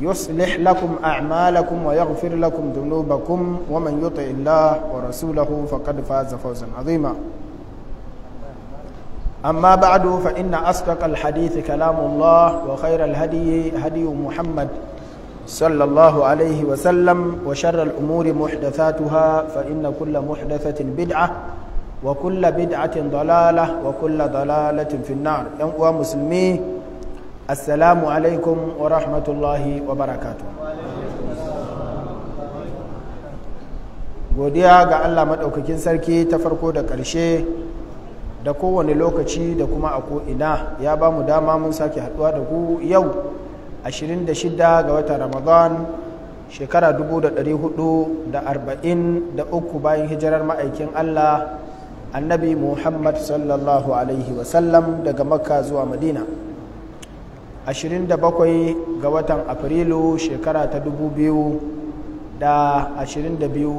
يصلح لكم أعمالكم ويغفر لكم ذنوبكم ومن يطع الله ورسوله فقد فاز فوزا عظيما أما بعد فإن أصدق الحديث كلام الله وخير الهدي هدي محمد صلى الله عليه وسلم وشر الأمور محدثاتها فإن كل محدثة بدعة وكل بدعة ضلالة وكل ضلالة في النار يا مسلمين assalamu alaikum wa rahmatullahi wa barakatu godiya ga allah maɗaukakin sarki ta farko da ƙarshe da kowane lokaci da kuma a ko'ina ya ba mu dama mun sake haɗuwa da ku yau 26 ga watan ramadan shekara 443 bayan hijirar ma'aikin allah annabi muhammad sallallahu alaihi wasallam daga makka zuwa madina 27 ga watan afrilu shekara ta 2022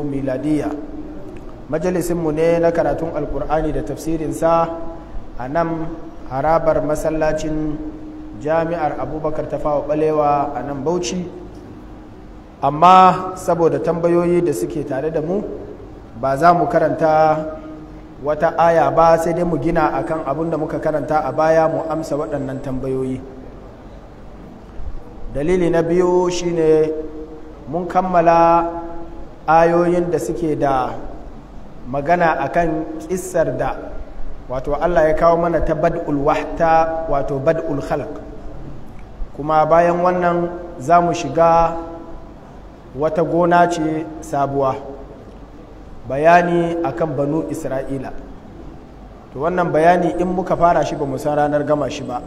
miladiya majalisinmu ne na karatun alkur'ani da tafsirinsa a nan harabar masallacin jami'ar abubakar ta tafawa balewa a nan bauchi amma saboda tambayoyi da suke tare da mu ba za mu karanta wata aya ba sai dai mu gina akan abin da muka karanta a baya mu amsa waɗannan tambayoyi dalili na biyu shine mun kammala ayoyin da suke da magana akan kan da wato Allah ya kawo mana ta bad'ul wahta wato bad'ul khalq kuma bayan wannan za mu shiga wata gona ce sabuwa bayani akan banu isra'ila to wannan bayani in muka fara shi ba mu san ranar gama shi ba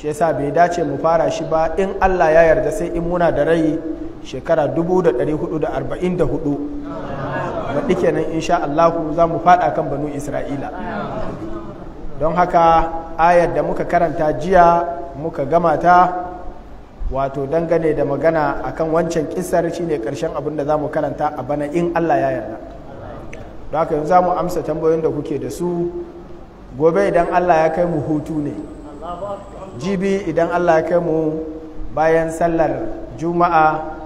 shi yasa bai dace mu fara shi ba in Allah ya yarda sai in muna da rai shekara 1444 nan kenan insha Allah za mu faɗa kan banu Isra'ila don haka ayar da muka karanta jiya muka gama ta wato dangane da magana akan wancan kisar shine karshen abin da za mu karanta a bana in Allah ya yarda don haka yanzu za mu amsa tambayoyin da kuke da su gobe idan Allah ya kai mu hutu ne jibi idan allah ya kai mu bayan sallar juma'a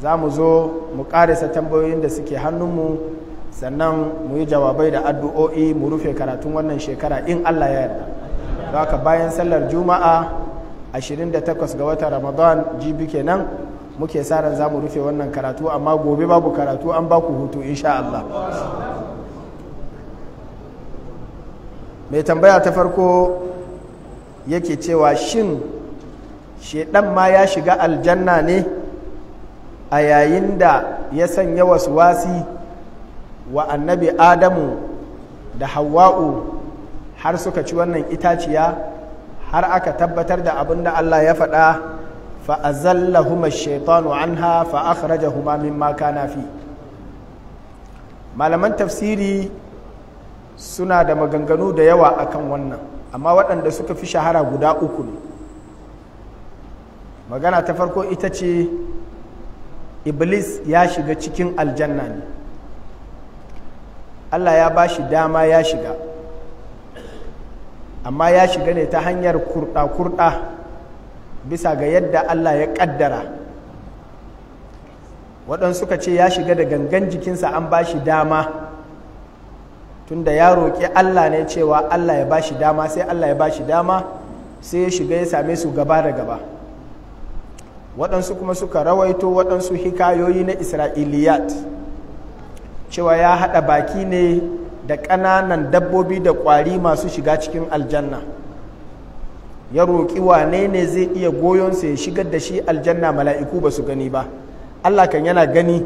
za mu zo mu karisa tambayoyin da suke hannunmu sannan mu yi jawabai da addu'o'i mu rufe karatun wannan shekara in allah ya yarda za ka bayan sallar juma'a 28 ga watan ramadan jibi kenan muke sa ran za mu rufe wannan karatu amma gobe babu karatu an baku hutu insha allah mai tambaya ta farko yake cewa shin shedan ma ya shiga aljanna ne a yayin da ya sanya wasu wasi wa annabi adamu da hawa'u har suka ci wannan itaciya har aka tabbatar da abin da allah ya faɗa fa'azallahuma shaitanu anha humamin maka na fi malaman tafsiri suna da maganganu da yawa akan wannan amma waɗanda suka fi shahara guda uku ne magana ta farko ita ce iblis ya shiga cikin aljanna ne allah ya ba shi dama ya shiga amma ya shiga ne ta hanyar kurɗa-kurɗa bisa ga yadda allah ya ƙaddara waɗansu suka ce ya shiga da gangan jikinsa an ba shi dama tunda ya roƙi Allah ne cewa Allah ya bashi dama sai Allah ya bashi dama sai ya shiga ya same su gaba da gaba waɗansu kuma suka rawaito waɗansu hikayoyi na isra'iliyat cewa ya haɗa baki ne da ƙananan dabbobi da ƙwari masu shiga cikin aljanna ya roƙi wane ne zai iya goyonsa ya shigar da shi aljanna mala'iku ba su gani ba Allah kan yana gani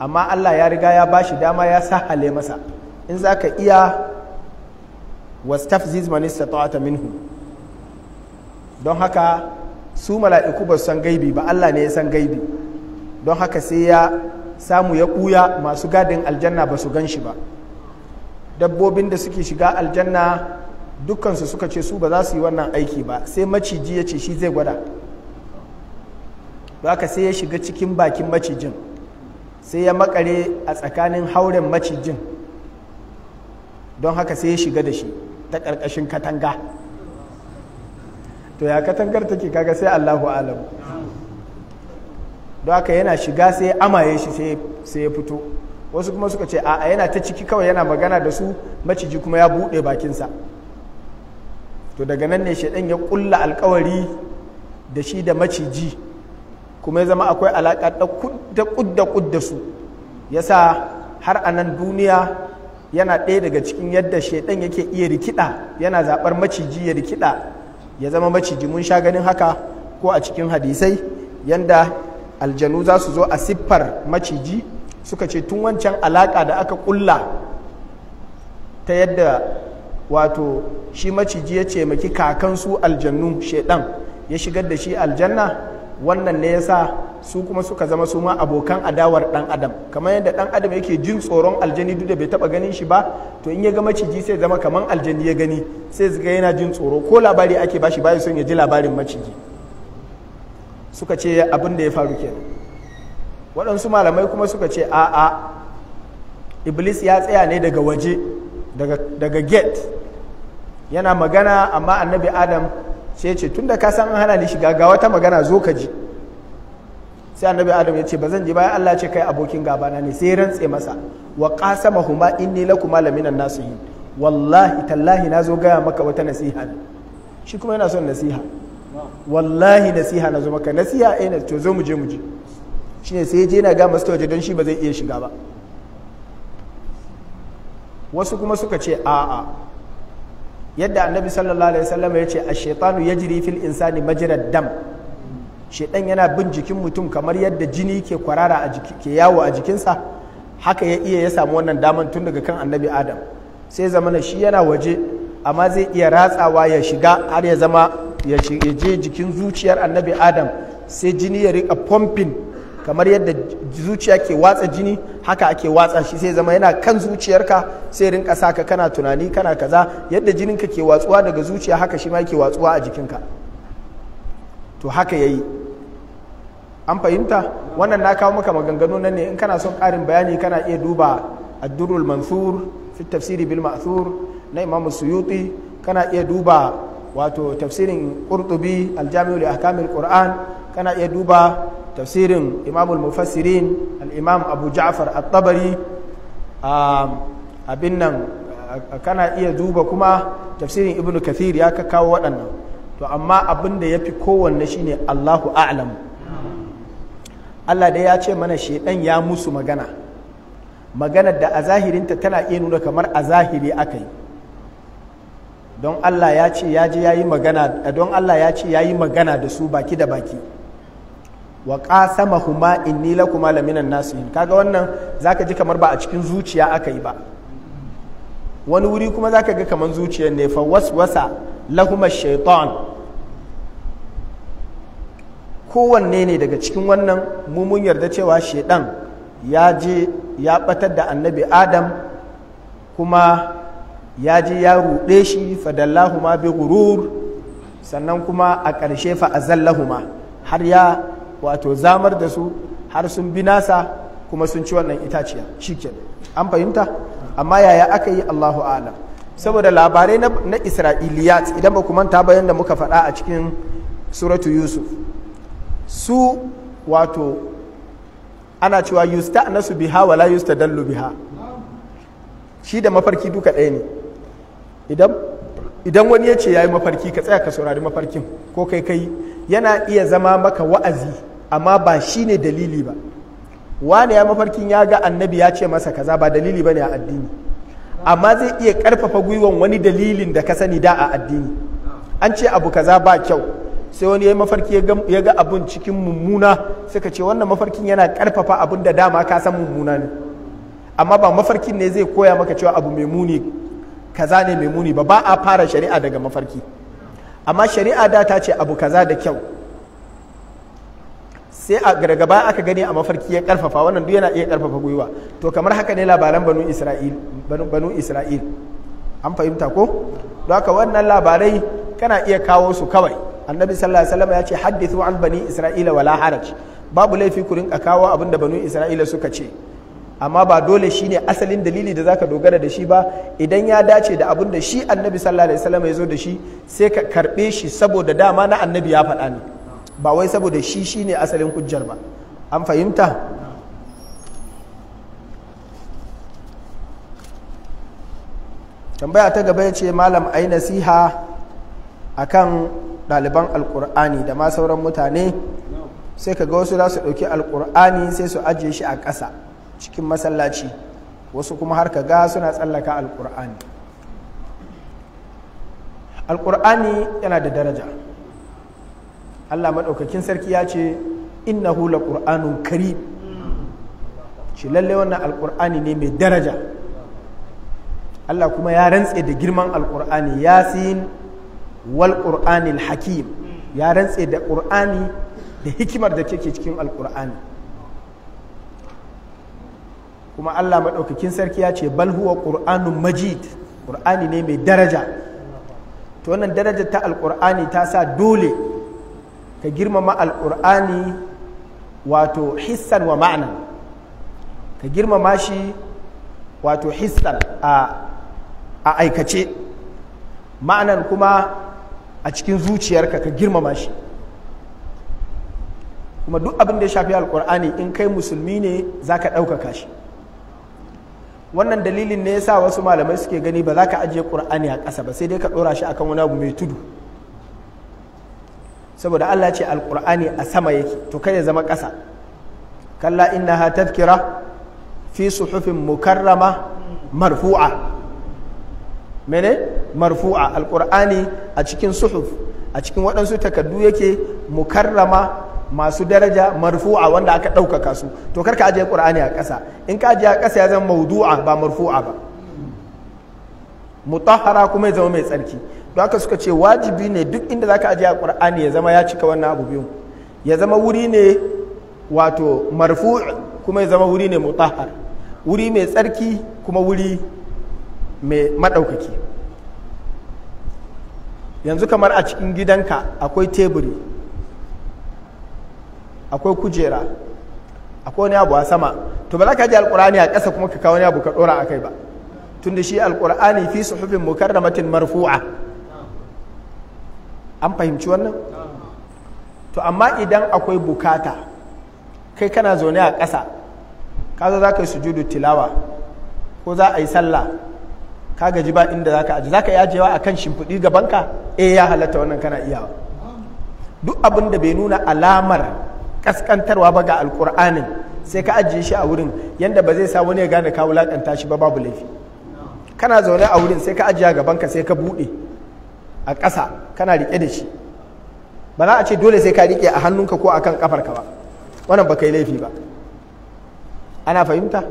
amma Allah ya riga ya bashi dama ya sahale masa in za ka iya wastafziz ta istata'ata minhu don haka su mala'iku ba san gaibi ba Allah ne ya san gaibi don haka sai ya samu ya ɓuya masu gadin aljanna ba su gan shi ba dabbobin da suke shiga aljanna dukkansu suka ce su ba za su yi wannan aiki ba sai maciji ya ce shi zai gwada haka sai ya shiga cikin bakin macijin sai ya makare a tsakanin hauren macijin don haka sai ya shiga da shi ta ƙarƙashin katanga to ya katangar take kaga sai allahu alamu don haka yana shiga sai ya amaye shi sai ya fito wasu kuma suka ce a yana ta ciki kawai yana magana da su maciji kuma ya buɗe bakinsa to daga nan ne shaɗan ya ƙulla alkawari da shi da maciji kuma ya zama akwai alaƙa da kudda kudda su yasa har a nan duniya yana ɗaya daga cikin yadda shaidan yake iya rikida yana zaɓar maciji ya rikida ya zama maciji mun sha ganin haka ko a cikin hadisai yanda aljanu za su zo a siffar maciji suka ce tun wancan alaƙa da aka ƙulla ta yadda wato shi maciji ya ce maki kakan su aljannu shaidan ya shigar da shi aljanna wannan ne yasa su kuma suka zama su ma abokan adawar dan adam kamar yadda dan adam yake jin tsoron aljani duk da bai taba ganin shi ba to in ya ga maciji sai zama kamar aljani ya gani sai ga yana jin tsoro ko labari ake bashi bayan son ya ji labarin maciji suka ce abin da ya faru kenan waɗansu malamai kuma suka ce a'a iblis ya tsaya ne daga waje daga, daga gate yana magana amma annabi adam sai ce tunda ka san an hana ni shiga ga wata magana zo ka ji sai annabi adam ya ce ba zan je bayan Allah ce kai abokin gabana ne sai rantse masa wa qasama mahumma inni lakuma laminan yi, wallahi tallahi na zo gaya maka wata nasiha ne shi kuma yana son nasiha wallahi nasiha na zo maka nasiha eh na to zo mu je mu je shine sai je na ga masa waje don shi ba zai iya shiga ba wasu kuma suka ce a'a yadda annabi sallallahu alaihi wasallam ya ce a shaitanu ya jiri fil insani majirar dam shaitan yana bin jikin mutum kamar yadda jini ke kwarara a jiki ke yawo a jikinsa haka ya iya ya samu wannan daman tun daga kan annabi adam sai zamana shi yana waje amma zai iya ratsawa ya shiga har ya zama ya je jikin zuciyar annabi adam sai jini ya riƙa pumping kamar yadda zuciya ke watsa jini haka ake watsa shi sai zama yana kan zuciyarka sai rinka saka kana tunani kana kaza yadda jininka ke watsuwa daga zuciya haka shi ma ke watsuwa a jikinka to haka yayi an fahimta wannan na kawo maka maganganu nan ne in kana son ƙarin bayani kana iya duba addurul mansur fi tafsiri bil ma'thur na imam suyuti kana iya duba wato tafsirin qurtubi aljami'u li ahkamil qur'an kana iya duba tafsirin imamul mufassirin al'imam abu ja'far at-tabari um, abin nan kana iya duba kuma tafsirin ibn kathir ya ka kawo waɗannan to amma abin da ya fi kowanne shine allahu a'lam allah da ya ce mana shaidan ya musu magana maganar da a zahirinta tana iya nuna kamar a zahiri aka yi don allah ya ce ya ji ya yi magana da su baki da baki wa in inni kuma laminan nasu yin kaga wannan zaka ji kamar ba a cikin zuciya aka yi ba wani wuri kuma zaka ga kamar zuciyar ne fa waswasa lahuma shaitan kowanne ne daga cikin wannan mumun yarda cewa shaiɗan ya je ya batar da annabi adam kuma ya je ya ruɗe shi fadallahuma bi gurur sannan kuma a ƙarshe fa ma har ya wato zamar da su har sun bi nasa kuma sun ci wannan itaciya shiken an fahimta amma yaya aka yi Allahu alam saboda labarai na Isra'iliyat idan ba kuma manta bayan da muka faɗa a cikin suratu Yusuf su wato ana cewa yusta nasu biha wala yusta dallu biha shi da mafarki duka ɗaya ne idan wani ya ce ya yi mafarki ka tsaya ka saurari mafarkin ko kai kai yana iya zama maka wa'azi amma ba shi ne dalili ba wane ya mafarkin ya ga annabi ya ce masa kaza ba dalili ba ne a addini amma zai iya karfafa gwiwan wani dalilin da ka sani da a addini an ce abu kaza ba kyau sai wani ya mafarki ya ga abun cikin mummuna suka ce wannan mafarkin yana karfafa abun da dama ka san mummuna ne amma ba mafarkin ne zai koya maka cewa abu mai muni kaza ne mai muni ba ba a fara shari'a daga mafarki amma shari'a da ta ce abu kaza da kyau sai a daga baya aka gani a mafarki ya karfafa wannan duk yana iya karfafa gwiwa to kamar haka ne labaran banu isra'il banu isra'il an fahimta ko don haka wannan labarai kana iya kawo su kawai annabi sallallahu alaihi wasallam ya ce hadithu an bani isra'ila wala haraj babu laifi ku rinka kawo abin da banu isra'ila suka ce amma ba dole shine asalin dalili da zaka dogara da shi ba idan ya dace da abin da shi annabi sallallahu alaihi wasallam ya zo da shi sai ka karbe shi saboda dama na annabi ya faɗa ne ba wai saboda shi shi ne asalin hujjar ba an fahimta tambaya ta gaba ya ce malam ai nasiha akan ɗaliban alkur'ani da ma sauran mutane sai ka ga wasu za su ɗauki alkur'ani sai su ajiye shi a ƙasa cikin masallaci wasu kuma har ka ga suna tsallaka alkur'ani alkur'ani yana da daraja Allah maɗaukakin sarki ya ce innahu la ƙur'anun kari shi lalle wannan alƙur'ani ne mai daraja Allah kuma ya rantse da girman alƙur'ani yasin wal ƙur'anil hakim ya rantse da ƙur'ani da hikimar da ke cikin alƙur'ani kuma Allah maɗaukakin sarki ya ce bal huwa ƙur'anun majid ƙur'ani ne mai daraja to wannan darajar ta alƙur'ani ta sa dole ka girmama alƙur'ani wato hissan wa ma'anan ka girmama shi wato hissan a aikace ma'anan kuma a cikin zuciyarka ka girmama shi kuma duk abin da ya shafi alkur'ani in kai musulmi ne za ka ɗaukaka shi wannan dalilin ne ya sa wasu malamai suke gani ba za ka ajiye ƙur'ani a ƙasa ba sai dai ka ɗora shi akan wani abu mai tudu saboda Allah ce alqur'ani a sama yake to kai ya zama ƙasa kalla ha tadhkira fi suhufin mukarrama marfu'a mene marfu'a alqur'ani a cikin suhuf a cikin waɗansu takardu yake mukarrama masu daraja marfu'a wanda aka ɗaukaka su to karka ajiye ƙur'ani a ƙasa in ka ajiye a ƙasa ya zama maudu'a ba marfu'a ba mutahara kuma ya zama mai tsarki don haka suka ce wajibi ne duk inda za ka ajiye alqur'ani ya zama ya cika wannan abu biyu ya zama wuri ne wato marfu kuma ya zama wuri ne mutahar wuri mai tsarki kuma wuri mai madaukaki yanzu kamar a cikin gidanka akwai teburi akwai kujera akwai wani abu a sama to ba za ka ji alkur'ani a ƙasa kuma ka kawo wani abu ka ɗora a kai ba tunda shi alkur'ani fi su da matin marfu'a an fahimci wannan to amma idan akwai bukata kai kana zaune a ƙasa kaza za ka yi sujudu tilawa ko za a yi sallah ka gaji ba inda za ka aji za ka yi ajiyewa a kan shimfiɗi gabanka e ya halatta wannan kana iyawa duk abin da bai nuna alamar kaskantarwa ba ga alƙur'anin sai ka ajiye shi a wurin yadda ba zai sa wani ya gane ka wulaƙanta shi ba babu laifi kana zaune a wurin sai ka ajiye gabanka sai ka buɗe a ƙasa kana riƙe da shi ba za a ce dole sai ka riƙe a hannunka ko a kan ƙafarka ba wannan ba kai laifi ba ana fahimta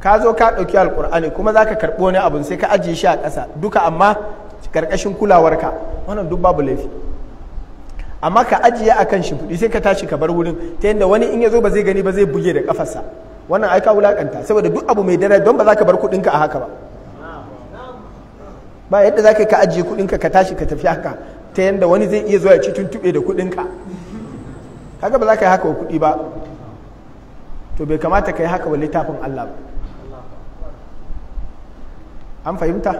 ka zo ka ɗauki alƙur'ani kuma za ka karɓi wani abu sai ka ajiye shi a ƙasa duka amma ƙarƙashin kulawarka wannan duk babu laifi amma ka ajiye a kan shimfiɗi sai ka tashi ka bar wurin ta yadda wani in ya zo ba zai gani ba zai buge da ƙafarsa wannan ai ka wulaƙanta saboda duk abu mai dare don ba za ka bar kuɗinka a haka ba ba yadda za ka ka ajiye kuɗinka ka tashi ka tafi haka ta yadda wani zai iya zuwa ya ci tuntuɓe da kuɗinka haka ba za ka yi haka wa kuɗi ba to bai kamata ka yi haka wa littafin Allah ba an fahimta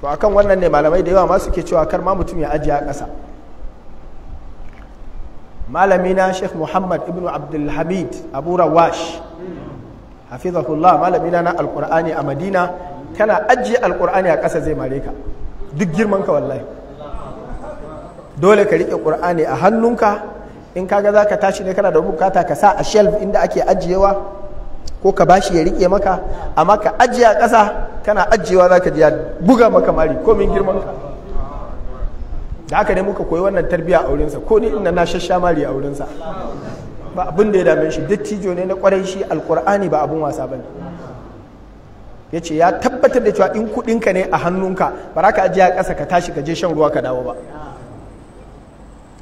to akan wannan ne malamai da yawa ma suke cewa kar ma mutum ya ajiye a ƙasa malamina sheikh muhammad ibn abdulhamid abu rawash hafizahullah malamina na alkur'ani a madina kana ajiye alkur'ani a ƙasa zai mare ka duk girman ka wallahi dole ka riƙe ƙur'ani a hannunka in kaga za ka tashi ne kana da bukata ka sa a shelf inda ake ajiyewa ko ka bashi ya riƙe maka amma ka ajiye a ƙasa kana ajiyewa za ka ji ya buga maka mari komin girman ka da haka ne muka koyi wannan tarbiyya a wurinsa ko ni ina na shasha mari a wurinsa ba abin da ya dame shi dattijo ne na kwarai shi alkur'ani ba abin wasa bane ya ce ya tabbatar da cewa in kudinka ne a hannunka ba za ka ajiye a ƙasa ka tashi ka je shan ruwa ka dawo ba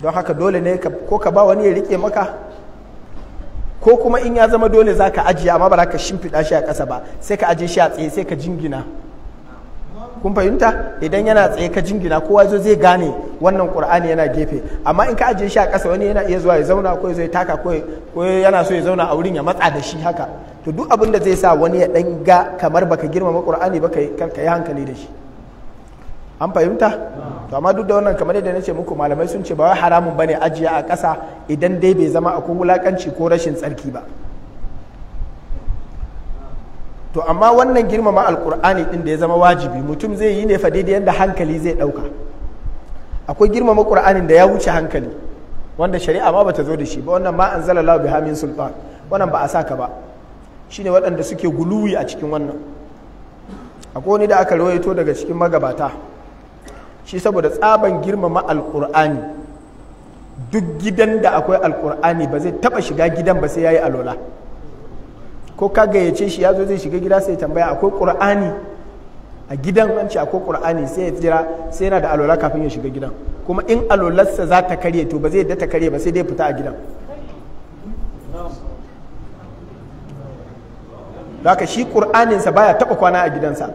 don haka dole ne ko ka ba wani ya rike maka ko kuma in ya zama dole za ka ajiye amma ba za ka shimfiɗa shi a ƙasa ba sai ka ajiye shi a tsaye sai ka jingina kun fahimta idan yana tsaye ka jingina kowa zo zai gane wannan qur'ani yana gefe amma in ka ajiye shi a ƙasa wani yana iya zuwa ya zauna ko zai taka ko yana so ya zauna a wurin ya matsa da shi haka to duk abin da zai sa wani ya dan ga kamar baka girmama qur'ani ba ka yi hankali da shi an fahimta to amma duk da wannan kamar yadda nace muku malamai sun ce ba wai haramun bane ajiya a ƙasa idan dai bai zama akwai wulakanci ko rashin tsarki ba to amma wannan girmama alkur'ani din da ya zama wajibi mutum zai yi ne fa daidai yadda hankali zai ɗauka akwai girmama ƙur'anin da ya wuce hankali wanda shari'a ma bata zo da shi ba wannan ma anzala lahu biha min sultan wannan ba a saka ba shine waɗanda suke guluwi a cikin wannan akwai wani da aka rawaito daga cikin magabata shi saboda tsaban girmama alkur'ani duk gidan da akwai alkur'ani ba zai taba shiga gidan ba sai yayi alola ko ka gayyace shi ya zo zai shiga gida sai tambaya akwai ƙur'ani a gidan an ce akwai ƙur'ani sai ya jira sai yana da alola kafin ya shiga gidan kuma in alolarsa za ta karye to ba zai yadda ta karye ba sai dai fita a gidan haka shi ƙur'aninsa baya taɓa kwana a gidansa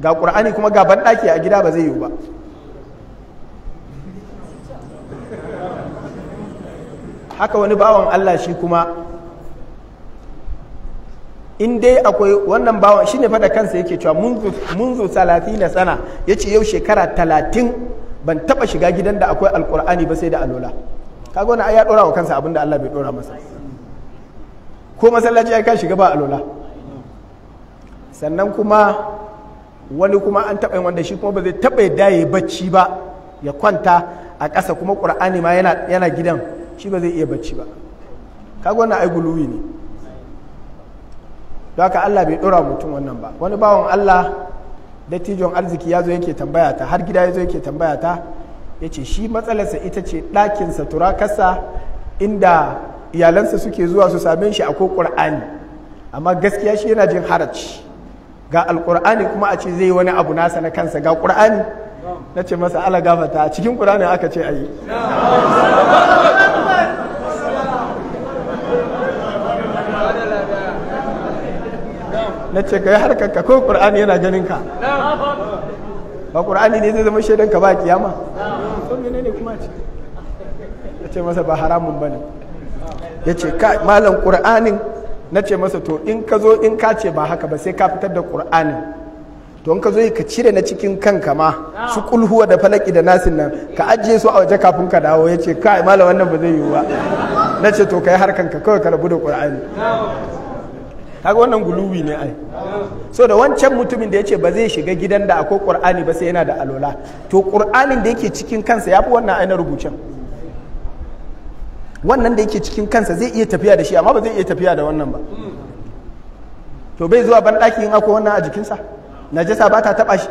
ga ƙur'ani kuma ga banɗaki a gida ba zai yiwu ba haka wani bawan Allah shi kuma in dai akwai wannan bawan shine fada kansa yake cewa munzu na sana ce yau shekara talatin ban taba shiga gidan da akwai alkur'ani ba sai da alola kaga wani ya dora wa kansa abin da Allah bai dora masa ko masallaci ya ka shiga ba alola sannan kuma wani kuma an taba yin wanda shi kuma ba zai taba yadda ya bacci ba ya kwanta a ƙasa kuma ƙur'ani ma yana gidan shi ba zai iya bacci ba kaga wannan ai guluwi ne don haka Allah bai dora mutum wannan ba wani bawan Allah dattijon arziki ya zo yake tambaya ta har gida ya zo yake tambaya ta ya ce shi matsalarsa ita ce ɗakinsa turakarsa inda iyalansa suke zuwa su same shi a ko ƙur'ani amma gaskiya shi yana jin haraci ga alƙur'ani kuma a ce zai wani abu nasa na kansa ga ƙur'ani na ce masa ala gafata a cikin ƙur'ani aka ce a yi na ce ka yi harkar ka ko ƙur'ani yana ganin ka ba ƙur'ani ne zai zama shaidan ka ba a kiyama to ce ya ce masa ba haramun ne ya ce malam ƙur'anin na ce masa to in ka zo in ka ce ba haka ba sai ka fitar da ƙur'anin to in ka zo ka cire na cikin kanka ma su kulhuwa da falaki da nasin nan ka ajiye su a waje kafin ka dawo ya ce kai malam wannan ba zai yiwu ba na ce to ka yi harkanka kawai ka rabu da ƙur'ani kaga wannan guluwi ne ai so da wancan mutumin da yace ba zai shiga gidan da akwai qur'ani ba sai yana da alola to qur'anin da yake cikin kansa yafi wannan ainihin rubucin wannan da yake cikin kansa zai iya tafiya da shi amma ba zai iya tafiya da wannan ba to bai zuwa ban daki in akwai wannan a jikinsa najasa ba ta taba shi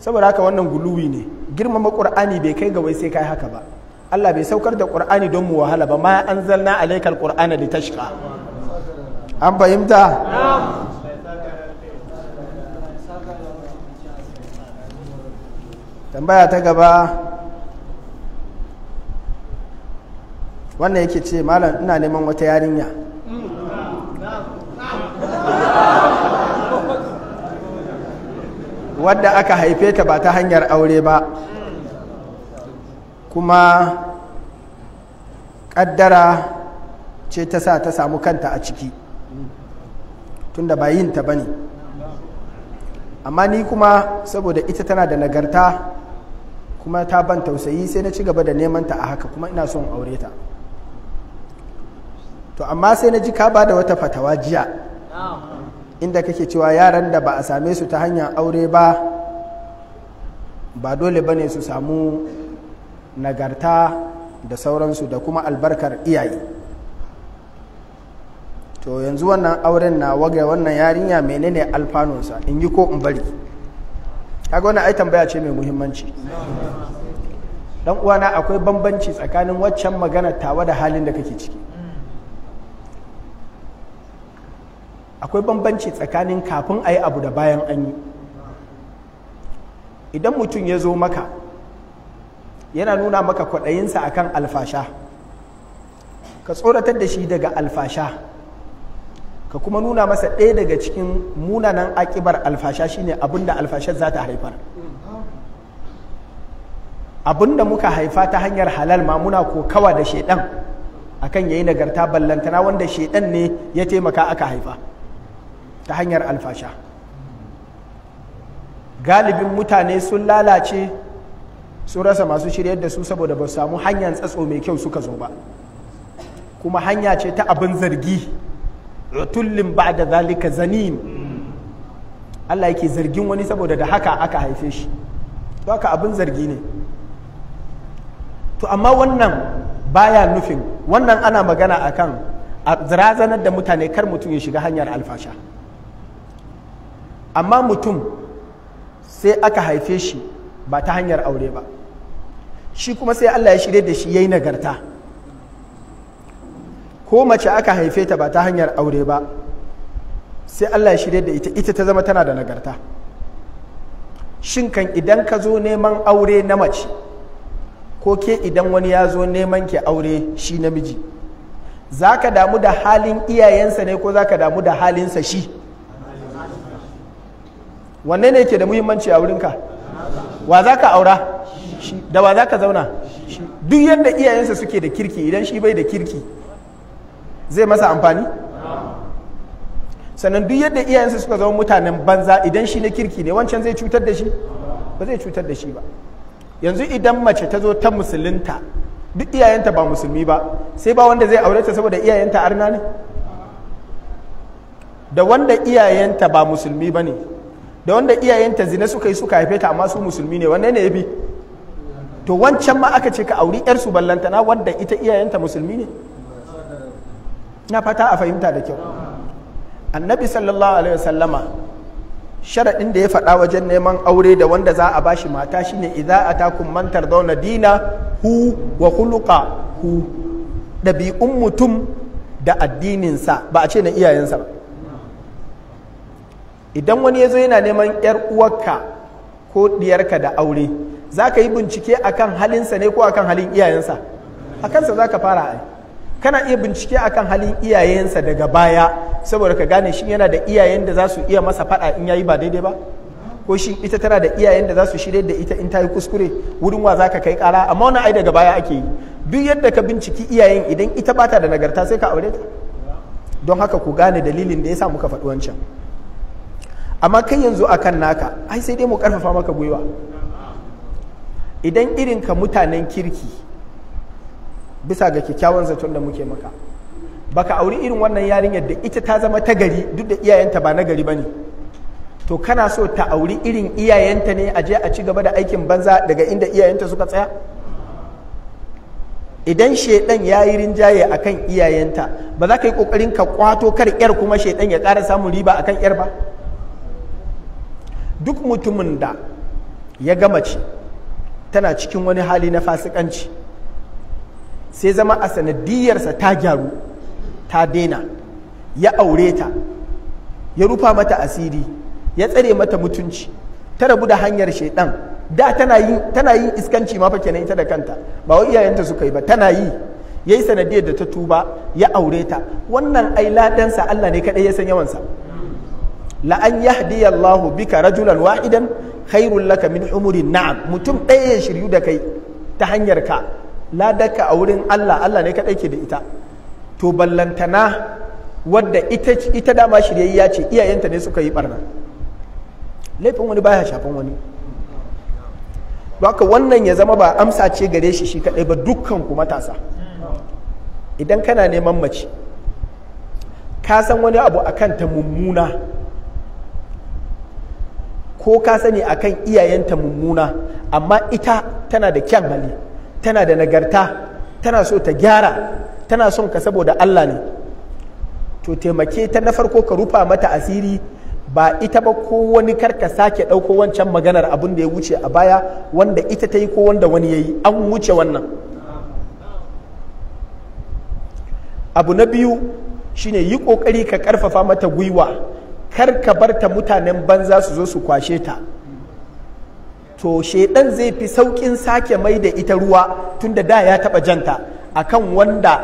saboda haka wannan guluwi ne girmama qur'ani bai kai ga wai sai kai haka ba Allah bai saukar da qur'ani don mu wahala ba ma anzalna alaikal qur'ana litashqa an fahimta tambaya ta gaba wannan yake ce malam ina neman wata yarinya wadda aka haife ta ba ta hanyar aure ba kuma ƙaddara ce ta sa ta samu kanta a ciki tunda ba yin ta bane amma ni kuma saboda ita tana da nagarta kuma ta ban tausayi sai na ci gaba da neman ta a haka kuma ina son aure ta to amma sai na ji ka ba da wata fatawa jiya inda kake cewa yaran da ba a same su ta hanyar aure ba ba dole ba ne su samu nagarta da sauransu da kuma albarkar iyaye to yanzu wannan auren na waga wannan yarinya menene alfanunsa in yi ko in bari kaga wannan ai tambaya ce mai muhimmanci dan uwana akwai bambanci tsakanin waccan magana tawa da halin da kake ciki akwai bambanci tsakanin kafin a yi abu da bayan an yi idan mutum ya zo maka yana nuna maka kwaɗayinsa akan alfasha ka tsoratar da shi daga alfasha ka kuma nuna masa ɗaya daga cikin munanan akibar alfasha shine abinda da alfashar za ta haifar abun da muka haifa ta hanyar halal ma muna kokawa da shaidan akan yayi nagarta ballantana wanda shaidan ne ya taimaka aka haifa ta hanyar alfasha galibin mutane sun lalace sun rasa masu shiryar da su saboda ba su samu hanyar tsatso mai kyau suka zo ba kuma hanya ce ta abin zargi ba da zalika zanim Allah yake zargin wani saboda da haka aka haife shi to haka abin zargi ne to amma wannan baya nufin wannan ana magana akan a da mutane kar mutum ya shiga hanyar alfasha amma mutum sai aka haife shi ba ta hanyar aure ba shi kuma sai Allah ya shirye da shi yayi nagarta ko mace aka haife ta ba ta hanyar aure ba sai Allah ya shirye da ita ita ta zama tana da nagarta shin kan idan ka zo neman aure na mace ko ke idan wani ya zo neman ke aure shi namiji za ka damu da halin iyayensa ne ko za ka damu da halinsa shi wanne ne ke da muhimmanci a wurinka wa za ka aura da wa za ka zauna duk yadda iyayensa suke da kirki idan shi bai da kirki zai masa amfani sannan duk yadda iyayensa suka zama mutanen banza idan shi na kirki ne wancan zai cutar da shi ba zai cutar da shi ba yanzu idan mace ta zo ta musulunta duk iyayenta ba musulmi ba sai ba wanda zai aure ta saboda iyayenta arna ne da wanda iyayenta ba musulmi ba ne da wanda iyayenta zina suka yi suka haife ta amma su musulmi ne wanne ne ya fi to wancan ma aka ce ka auri 'yarsu ballantana wanda ita iyayenta musulmi ne na fata a fahimta da kyau annabi sallallahu alaihi wasallama sharaɗin da ya faɗa wajen neman aure da wanda za a bashi mata shine idza atakum man tardawna dina hu wa khuluqa hu ɗabi'un mutum da addininsa ba a ce na iyayensa ba idan wani ya zo yana neman yar uwarka ko diyarka da aure za ka yi bincike akan halinsa ne ko akan halin iyayensa a kansa za ka fara ai kana iya bincike akan halin iyayensa daga baya saboda ka gane shi yana da iyayen da za su iya masa faɗa in yayi ba daidai ba ko shi ita tana da iyayen da za su shirye da ita in ta yi kuskure wurin wa za ka kai kara amma wani ai daga baya ake yi duk yadda ka binciki iyayen idan ita ba ta da nagarta sai ka aure ta don haka ku gane dalilin da ya sa muka faɗi wancan amma kai yanzu akan naka ai sai dai mu karfafa maka gwiwa idan irin ka mutanen kirki bisa ga kyakkyawan zaton da muke maka baka auri irin wannan yarinyar da ita ta zama ta gari duk da iyayenta ba na gari bane to kana so ta auri irin iyayenta ne a je a ci gaba da aikin banza daga inda iyayenta suka tsaya idan shaidan ya yi rinjaye a kan iyayenta ba za ka yi ƙoƙarin ka kwato kar yar kuma shaidan ya ƙara samun riba a kan yar ba duk mutumin da ya gama ce tana cikin wani hali na fasikanci sai zama a sanadiyarsa ta gyaru ta daina ya aure ta ya rufa mata asiri ya tsare mata mutunci ta rabu da hanyar shaidan da tana yi iskanci ma kenan ita da kanta ba wai iyayenta suka yi ba tana yi ya yi sanadiyar da ta tuba ya aure ta wannan ai ladansa Allah ne kaɗai ya san yawansa la Yallahu bi bika rajulan wahidan hairun laka min umurin na'am mutum ɗaya ya shiryu da kai ta hanyar ka ladaka a wurin Allah Allah ne kaɗai ke da ita to ballantana wadda ita ita dama shiryayya ce iyayenta ne suka yi barna laifin wani baya shafan wani haka wannan ya zama ba amsa ce gare shi shi kaɗai ba dukkan ku matasa idan kana neman mace ka san wani abu akan ta mummuna ko ka sani akan iyayenta mummuna amma ita tana da kyan hali tana da nagarta tana so ta gyara tana son ka saboda Allah ne to taimake ta na farko ka rufa mata asiri ba ita ba ko wani karka sake ɗauko wancan maganar abin da ya wuce a baya wanda ita ta yi ko wanda wani ya yi an wuce wannan abu na biyu shine yi ƙoƙari ka ƙarfafa mata gwiwa kar ka barta mutanen banza su zo su kwashe ta to shaidan zai fi saukin sake mai da ita ruwa tunda da ya taba janta akan wanda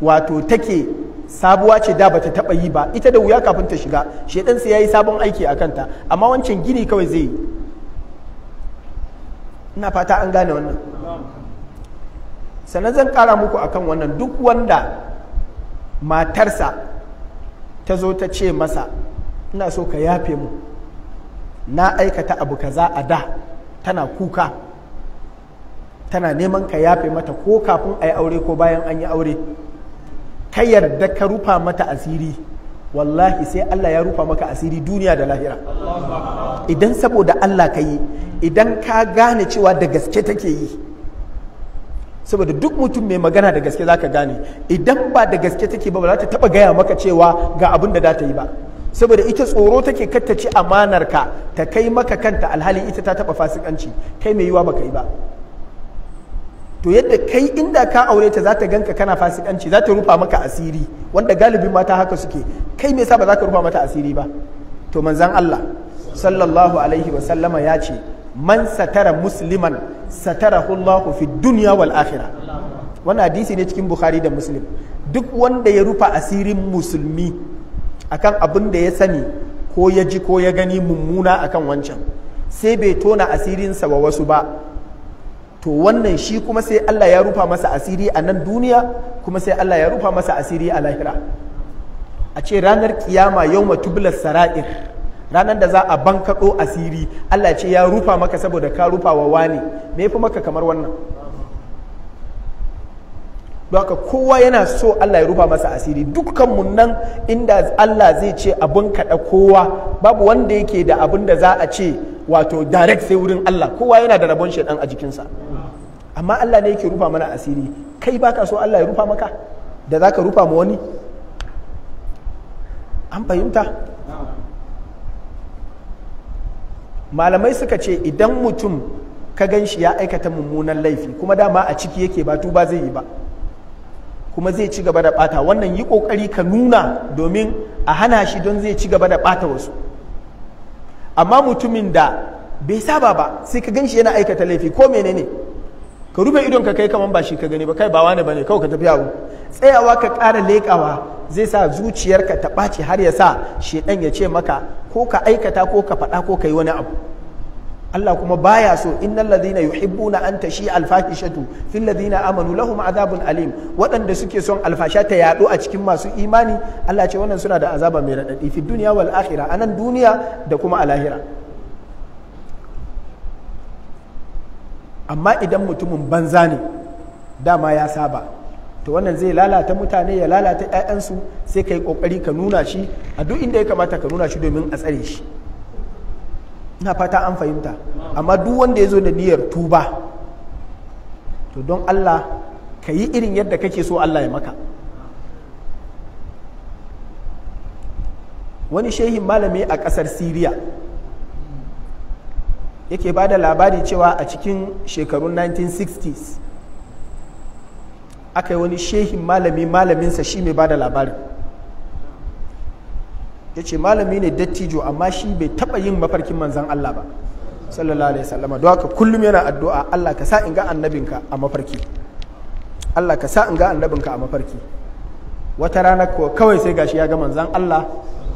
wato take sabuwa ce da bata taba yi ba ita da wuya kafin ta shiga shaidan sai yi sabon aiki a kanta amma wancan gini kawai zai yi ina fata an gane wannan sannan zan kara muku akan wannan duk wanda matarsa ta zo ta ce masa ina so ka yafe mu na aikata abu kaza a da tana kuka tana neman ka yafe mata ko kafin a yi aure ko bayan an yi aure ka yarda ka rufa mata asiri wallahi sai Allah ya rufa maka asiri duniya da lahira idan saboda Allah ka yi idan ka gane cewa da gaske take yi saboda duk mutum mai magana da gaske za ka gane idan ba da gaske take ba ba za ta taba gaya maka cewa ga abin da za ta yi ba saboda ita tsoro take amanar amanarka ta kai maka kanta alhali, ita ta taba fasikanci kai mai yiwa baka yi ba to yadda kai inda ka aure ta za ta ganka kana fasikanci za ta rufa maka asiri wanda galibin mata haka suke kai me yasa ba za ka rufa mata asiri ba to manzan Allah sallallahu alaihi wa sallama ya ce man satara musliman satarahu Allah fi dunya wal akhirah wannan hadisi ne cikin Bukhari da Muslim duk wanda ya rufa asirin musulmi akan abin da ya sani ko ya ji ko ya gani mummuna akan wancan sai bai tona asirinsa wa wasu ba to wannan shi kuma sai Allah ya rufa masa asiri a nan duniya kuma sai Allah ya rufa masa asiri a lahira a ce ranar kiyama yau matubular sara'ir ranar da za a bankaɗo asiri Allah ce ya rufa maka saboda ka rufa wa wani me fi maka kamar wannan kowa yana so Allah ya rufa masa asiri dukkanmu nan inda Allah zai ce abun kaɗa kowa babu wanda yake da abin da za a ce wato direct sai wurin Allah kowa yana da rabon shaidan a jikinsa amma Allah ne yake rufa mana asiri kai baka so Allah ya rufa maka da za ka rufa ma wani an fahimta malamai suka ce idan mutum ka gan shi ya aikata mummunan laifi kuma dama a ciki yake ba tuba zai yi ba kuma zai ci gaba da bata wannan yi kokari ka nuna domin a hana shi don zai ci gaba da bata wasu amma mutumin da bai saba ba sai ka ganshi yana aikata laifi ko menene ka rufe idon ka kai kaman ba shi ka gani ba kai ba wani bane kawai ka tafi yawo tsayawa ka kara leƙawa zai sa zuciyarka ta ɓaci har ya sa shedan ya ce maka ko ka aikata ko ka faɗa ko ka yi wani abu Allah kuma baya so innal ladina yuhibbuna an tashi alfahishatu fil ladina amanu lahum azabun alim waɗanda suke son alfasha ta yaɗo a cikin masu imani Allah ce wannan suna da azaba mai raɗaɗi fi duniya wal akhirah anan duniya da kuma a lahira amma idan mutumin banza ne dama ya saba to wannan zai lalata mutane ya lalata 'ya'yansu sai ka yi ƙoƙari ka nuna shi a duk inda ya kamata ka nuna shi domin a tsare shi ina fata an fahimta amma duk wanda ya zo da niyyar tuba to don Allah ka yi irin yadda kake so Allah ya maka wani shehin malami a ƙasar siriya yake ba da labari cewa a cikin shekarun 1960s aka yi wani shehin malami malaminsa shi mai ba da labarin ya ce malami ne dattijo amma shi bai taɓa yin mafarkin manzan Allah ba sallallahu alaihi sallama don haka kullum yana addu'a Allah ka sa in ga annabinka a mafarki Allah ka sa in ga annabinka a mafarki wata rana kawai sai gashi ya ga manzan Allah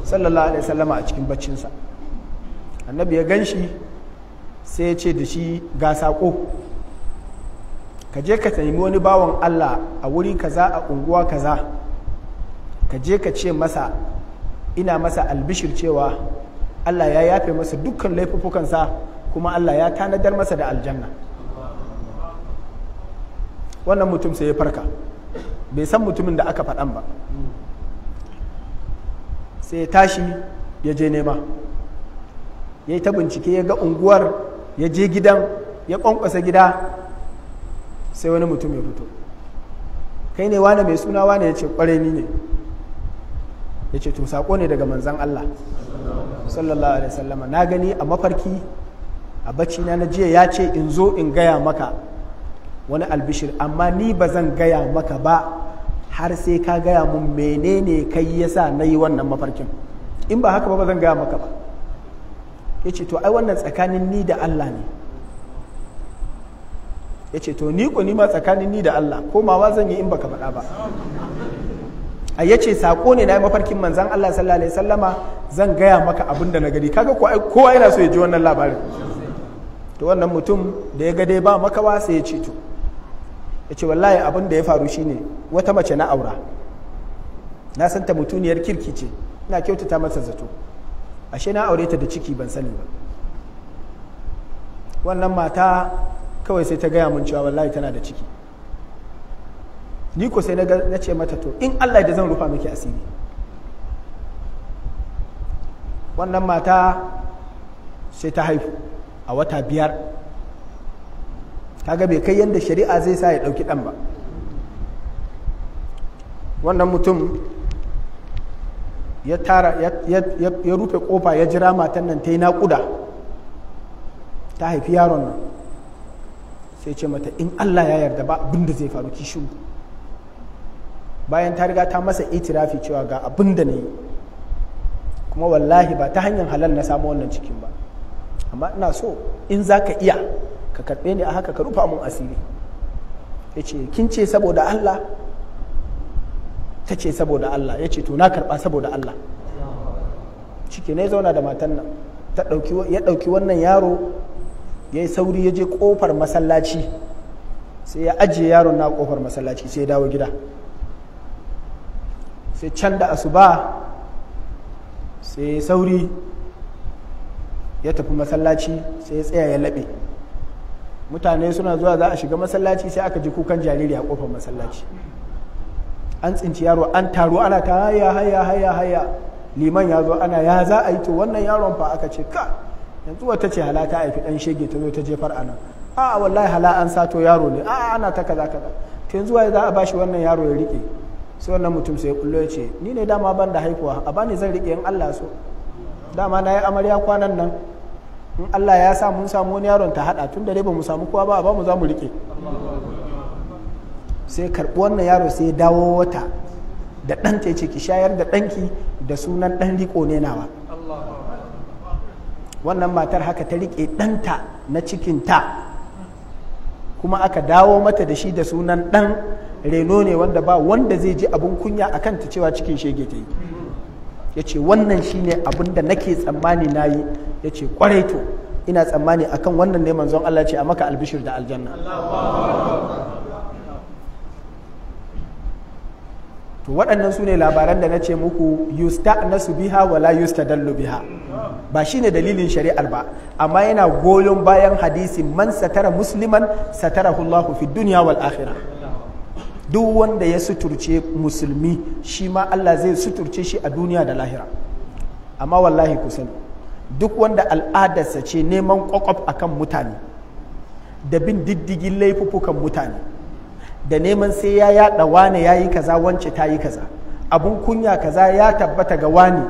sallallahu alaihi sallama a cikin baccinsa annabi ya gan shi sai ya ce da shi ga saƙo ka je ka taimi wani bawan Allah a wuri kaza a unguwa kaza ka je ka ce masa ina masa albishir cewa Allah ya yafe masa dukkan laifuffukansa kuma Allah ya tanadar masa da aljanna wannan mutum sai ya farka bai san mutumin da aka faɗan ba sai ya tashi ya je nema ya yi ta bincike ya ga unguwar ya je gidan ya ƙwanƙwasa gida sai wani mutum ya fito kai ne wane mai suna wane ya ce ƙwarai ni ne ya ce to saƙo ne daga manzan Allah sallallahu alaihi wasallama na gani a mafarki a bacci na na jiya ya ce in zo in gaya maka wani albishir amma ni ba zan gaya maka ba har sai ka gaya mun menene kai yasa na yi wannan mafarkin in ba haka ba ba zan gaya maka ba ya ce to ai wannan tsakanin ni da Allah ne ya ce to ni ko ni ma tsakanin ni da Allah komawa zan yi in baka faɗa ba a ce sako ne na yi mafarkin manzan Allah sallallahu alaihi sallama zan gaya maka abin da na gani kaga kowa yana so ya ji wannan labarin to wannan mutum da ya ga dai ba makawa sai ya ce to ya ce wallahi abin da ya faru shine wata mace na aura na san ta mutuniyar kirki ce ina kyautata masa zato ashe na aure ta da ciki ban sani ba wannan mata kawai sai ta gaya mun cewa wallahi tana da ciki ni ko sai na ce mata to in Allah da zan rufa miki asiri wannan mata sai ta haifu a wata biyar kaga bai kai yadda shari'a zai sa ya ɗauki ɗan ba wannan mutum ya tara ya rufe kofa ya jira matan nan ta yi naƙuda ta haifi yaron nan sai ce mata in Allah ya yarda ba abin zai faru kishin. bayan ta riga ta masa itirafi cewa ga abin da na yi kuma wallahi ba ta hanyar halal na samu wannan cikin ba amma ina so in za ka iya ka karɓe ni a haka ka rufa mun asiri ya ce kin ce saboda Allah ta ce saboda Allah ya ce to na karɓa saboda Allah ciki ne zauna da matan nan ya ɗauki wannan yaro ya yi sauri ya je ƙofar masallaci sai ya ajiye yaron na kofar masallaci sai ya dawo gida sai can da asuba sai sauri ya tafi masallaci sai ya tsaya ya laɓe mutane suna zuwa za a shiga masallaci sai aka ji kukan jariri a kofar masallaci an tsinci yaro an taro ana ta haya haya haya haya liman ya zo ana ya za a yi to wannan yaron fa aka ce ka yanzu wata ce hala ta haifi dan shege ta zo ta jefar a nan a wallahi hala an sato yaro ne a ana ta kaza kaza to yanzu waye za a bashi wannan yaro ya rike sai wannan mutum sai kullo ya ce ni ne dama ban da haihuwa a bani zan riƙe in Allah so dama na yi amarya kwanan nan in Allah ya sa mun samu wani yaron ta haɗa tun da dai ba mu samu kowa ba a bamu za mu riƙe sai karɓi wannan yaro sai dawo wata da ɗanta ta ce ki shayar da ɗanki da sunan ɗan riƙo ne nawa wannan matar haka ta riƙe ɗanta na cikinta kuma aka dawo mata da shi da sunan ɗan reno ne wanda ba wanda zai ji abin kunya a kanta cewa cikin shege ta yi ya ce wannan shine abin da nake tsammani na yi ya ce kwarai to ina tsammani akan wannan ne manzon Allah ce a maka albishir da aljanna to waɗannan su ne labaran da na ce muku yusta nasu biha wala yusta dallu biha ba shine dalilin shari'ar ba amma yana goyon bayan hadisi man satara musliman satara Allahu fi duniya wal akhirah duk wanda ya suturce musulmi shi ma Allah zai suturce shi a duniya da lahira amma wallahi ku sani duk wanda al'adarsa ce neman kwakwaf kan mutane da bin diddigin laifukan mutane da neman sai ya yaɗa wane ya yi kaza wance ta yi kaza abun kunya kaza ya tabbata ga wani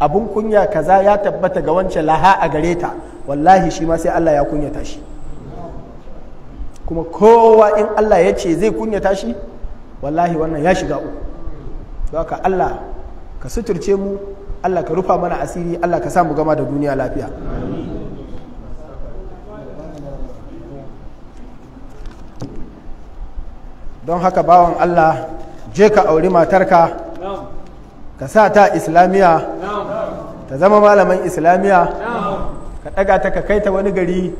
abun kunya kaza ya tabbata ga wance laha a gare ta wallahi shi ma sai Allah ya kunyata shi kuma kowa in Allah ya ce zai kunyata shi wallahi wannan ya shiga uku ba ka Allah ka suturce mu Allah ka rufa mana asiri Allah ka samu gama da duniya lafiya don haka bawan Allah je ka auri matarka ka sa ta islamiya ta zama malaman islamiyya ka ɗaga ta ka kai ta wani gari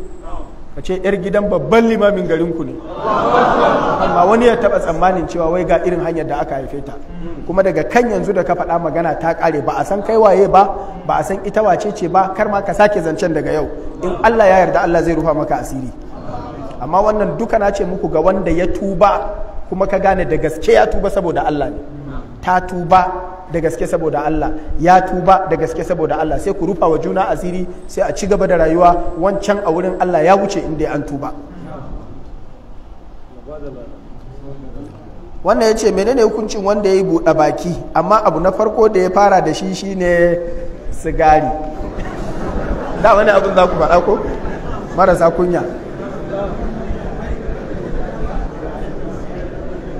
ka ce yar gidan babban limamin garin ku ne amma wani ya taɓa tsammanin cewa wai ga irin hanyar da aka haife ta kuma daga kan yanzu da ka faɗa magana ta ƙare ba a san kai waye ba ba a san ita wace ce ba kar ma ka sake zancen daga yau in Allah ya yarda Allah zai rufa maka asiri amma wannan duka na ce muku ga wanda ya tuba kuma ka gane da gaske ya tuba saboda Allah ne ta tuba da gaske saboda Allah ya tuba da gaske saboda Allah sai ku rufa wa juna asiri sai a ci gaba da rayuwa wancan a wurin Allah ya wuce inda an tuba wannan ya ce menene hukuncin wanda ya yi buɗe baki amma abu na farko da ya fara da shi shi ne sigari da wani abin za ku faɗa ko marasa kunya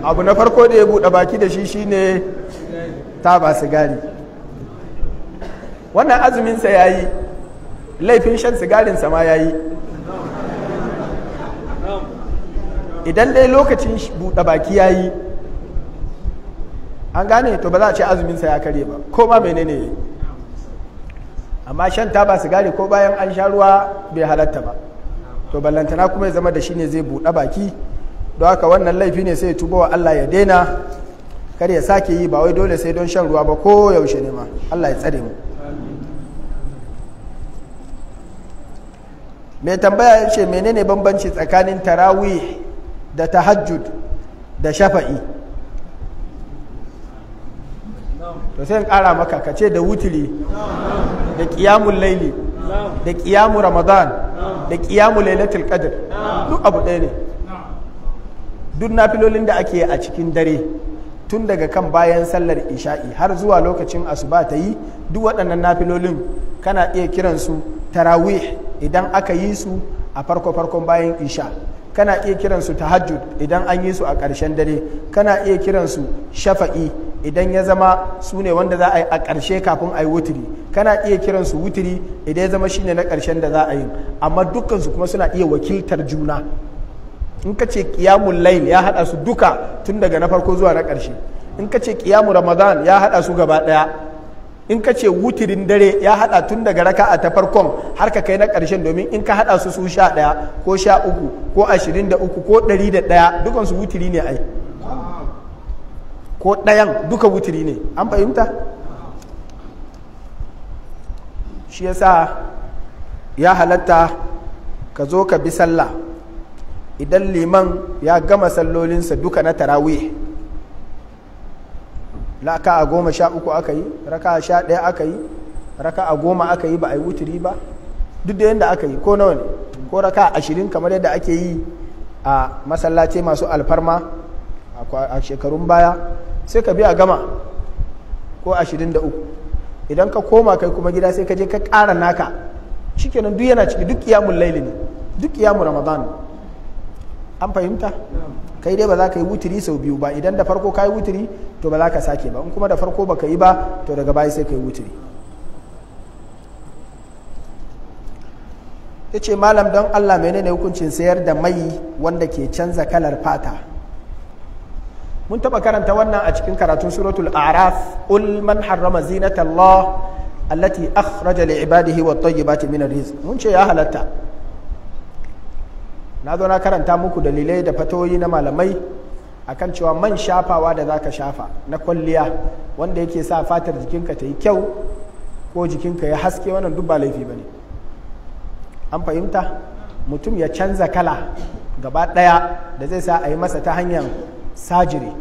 abu na farko da ya buɗe baki da shi shine taba sigari wannan azuminsa ya yi laifin shan sigarinsa ma ya yi idan dai lokacin buɗe baki ya yi an gane to ba za a ce azuminsa ya kare ba ko ma menene ya amma shan taba sigari ko bayan an sha ruwa bai halatta ba to ballantana kuma ya zama da shi ne zai buɗe baki don haka wannan laifi ne sai tubowa Allah ya daina kar ya sake yi ba wai dole sai don shan ruwa ba ko yaushe ne ma Allah ya tsare mu mai tambaya ya ce menene bambanci tsakanin tarawih da tahajjud da shafa'i to sai kara maka ka ce da wutiri da ƙiyamun laili da ƙiyamun ramadan da ƙiyamun lailatul qadr duk abu ɗaya ne duk nafilolin da ake a cikin dare tun daga kan bayan sallar isha'i har zuwa lokacin asuba ta yi duk waɗannan nafilolin kana iya kiransu tarawih idan aka yi su a farko-farkon bayan isha kana iya kiransu tahajjud idan an yi su a ƙarshen dare kana iya kiransu shafa'i idan ya zama su ne wanda za a yi a ƙarshe kafin a yi wutiri kana iya kiransu wutiri idan ya zama shine na ƙarshen da za a yi amma dukkansu kuma suna iya wakiltar juna in ka ce kiyamun layl ya hada su duka tun daga na farko zuwa na ƙarshe in ka ce kiyamun ramadan ya hada su gaba daya in ka ce wutirin dare ya hada tun daga raka a ta farkon har ka kai na ƙarshen domin in ka hada su su sha ɗaya ko sha uku ko ashirin da uku ko ɗari da ɗaya dukansu wutiri ne ai ko ɗayan duka wutiri ne an fahimta shi yasa ya halatta ka zo ka bi sallah idan liman ya gama sallolinsa duka na tarawih laka a goma sha uku aka yi raka a sha ɗaya aka yi raka a goma aka yi ba a yi wuturi ba duk da yadda aka yi ko nawa ne ko raka ashirin kamar yadda ake yi a masallaci masu alfarma a shekarun baya sai ka biya gama ko ashirin da uku idan ka koma kai kuma gida sai ka je ka ƙara naka shi kenan duk yana ciki duk iyamun laili ne duk iyamun ramadan an fahimta kai dai ba za ka yi wutiri sau biyu ba idan da farko ka yi wutiri to ba za ka sake ba in kuma da farko ba ka yi ba to daga baya sai ka yi wutiri ya ce malam don allah menene hukuncin sayar da mai wanda ke canza kalar fata mun taɓa karanta wannan a cikin karatun suratul araf ul man harrama zinatallah allati akhraja li ibadihi wat tayyibati min rizq mun ce ya halatta na zo na karanta muku dalilai da fatoyi na malamai akan cewa man shafawa da zaka shafa na kwalliya wanda yake sa fatar jikinka ta yi kyau ko jikinka ya haske wannan duk ba laifi bane an fahimta mutum ya canza kala gaba ɗaya da zai sa a yi masa ta hanyar sajiri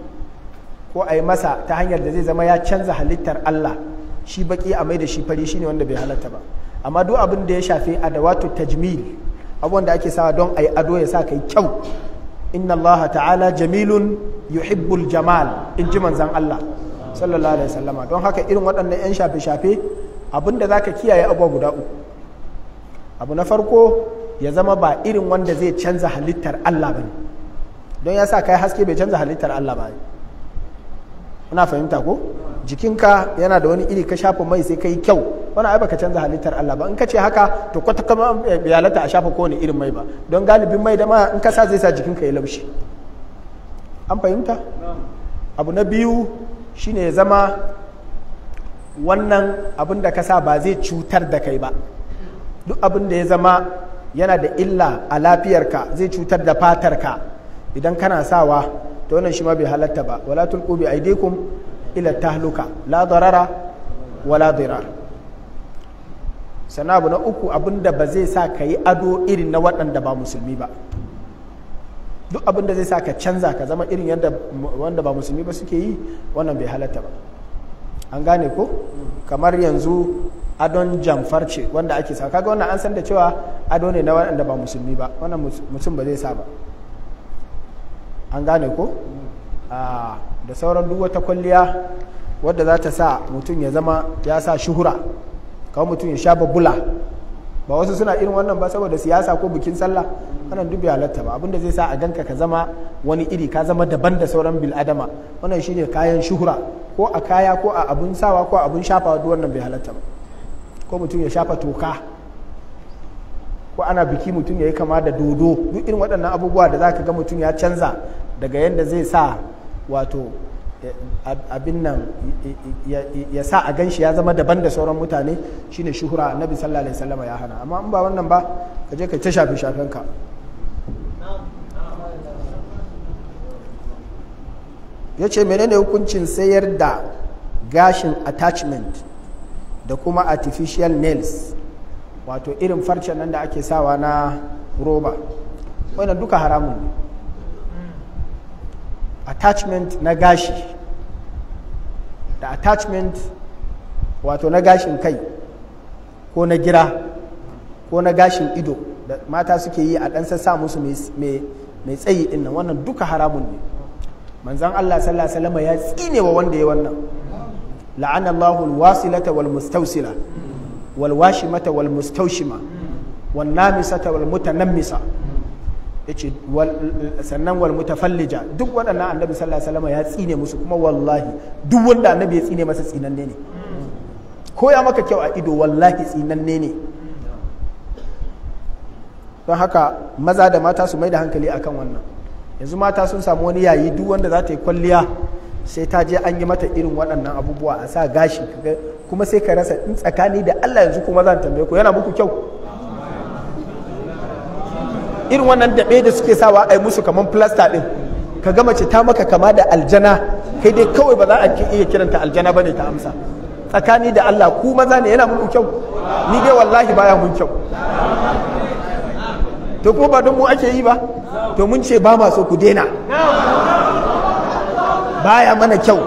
ko a yi masa ta hanyar da zai zama ya canza halittar Allah shi baki a mai da shi fari shine wanda bai halatta ba amma duk abin da ya shafi adawatu tajmil abubuwan da ake sawa don a yi ado ya sa kai kyau inna allaha ta'ala jamilun yuhibbul jamal in ji manzan allah sallallahu alaihi wasallama don haka irin waɗannan 'yan shafe-shafe abinda za ka kiyaye abu guda uku abu na farko ya zama ba irin wanda zai canza halittar allah ba don ya sa kai haske bai canza halittar allah ba ne ina fahimta ko jikinka yana da wani iri ka shafa mai sai ka yi kyau wani ai baka canza halittar Allah ba in ka ce haka to kwata kama biyalata a shafa kowane irin mai ba don galibin mai da ma in ka sa zai sa jikinka ya laushi an fahimta abu na biyu shine ya zama wannan abin da ka sa ba zai cutar da kai ba duk abin da ya zama yana da illa a lafiyarka zai cutar da fatarka idan kana sawa ta wannan shi ma bai halatta ba wala tulqu bi aidikum ila tahluka la darara wala dirar sannan abu na uku abinda ba zai sa ka yi ado irin na waɗanda ba musulmi ba duk abinda zai sa ka canza ka zama irin yadda wanda ba musulmi ba suke yi wannan bai halatta ba an gane ko kamar yanzu adon jamfar ce wanda ake sa kaga wannan an san da cewa ado ne na waɗanda ba musulmi ba wannan mutum ba zai sa ba an gane ko ah, da sauran duk wata kwalliya wadda za ta sa mutum ya zama ya sa shuhura kawo mutum ya sha babbula ba wasu suna irin wannan ba saboda siyasa ko bikin sallah wannan duk halatta ba abinda zai sa a ganka ka zama wani iri ka zama daban da sauran bil adama wannan shine kayan shuhura ko a kaya ko a abun sawa ko a abun shafawa duk wannan bai halatta ba ko mutum ya shafa toka ko ana biki mutum ya yi kama da dodo duk irin waɗannan abubuwa da za ka ga mutum ya canza daga yadda zai sa wato abin nan ya sa a ganshi ya zama daban da sauran mutane shine shuhura annabi sallallahu alaihi wasallam ya hana amma in ba wannan ba ka je ka ta shafe shafen ka ya ce menene hukuncin sayar da gashin attachment da kuma artificial nails wato irin farcen nan da ake sawa na roba wannan duka haramun ne attachment na gashi da attachment wato na gashin kai ko na gira ko na gashin ido da mata suke yi a ɗansa sa musu mai tsayi ɗin nan wannan duka haramun ne manzan Allah sallallahu alaihi wasallam ya tsine wa wanda ya wannan la'ana Allahu wasilata wal mustausila wal washimata wal mustawshima wan namisata wal mutanammisa yace sannan wal mutafallija duk waɗannan annabi sallallahu alaihi wasallam ya tsine musu kuma wallahi duk wanda annabi ya tsine masa tsinanne ne ko ya maka kyau a ido wallahi tsinanne ne don haka maza da mata su mai da hankali akan wannan yanzu mata sun samu wani yayi duk wanda za ta yi kwalliya sai ta je an yi mata irin waɗannan abubuwa a sa gashi kuma sai ka rasa in tsakani da Allah yanzu kuma zan tambaye ku yana muku kyau irin wannan daɓe da suke sawa a yi musu kamar plasta ɗin ka ga mace ta maka kama da aljana kai dai kawai ba za a iya kiranta aljana bane ta amsa tsakani da Allah ku maza ne yana muku kyau ni dai wallahi baya mun kyau to ko ba don mu ake yi ba to mun ce ba ma so ku daina baya mana kyau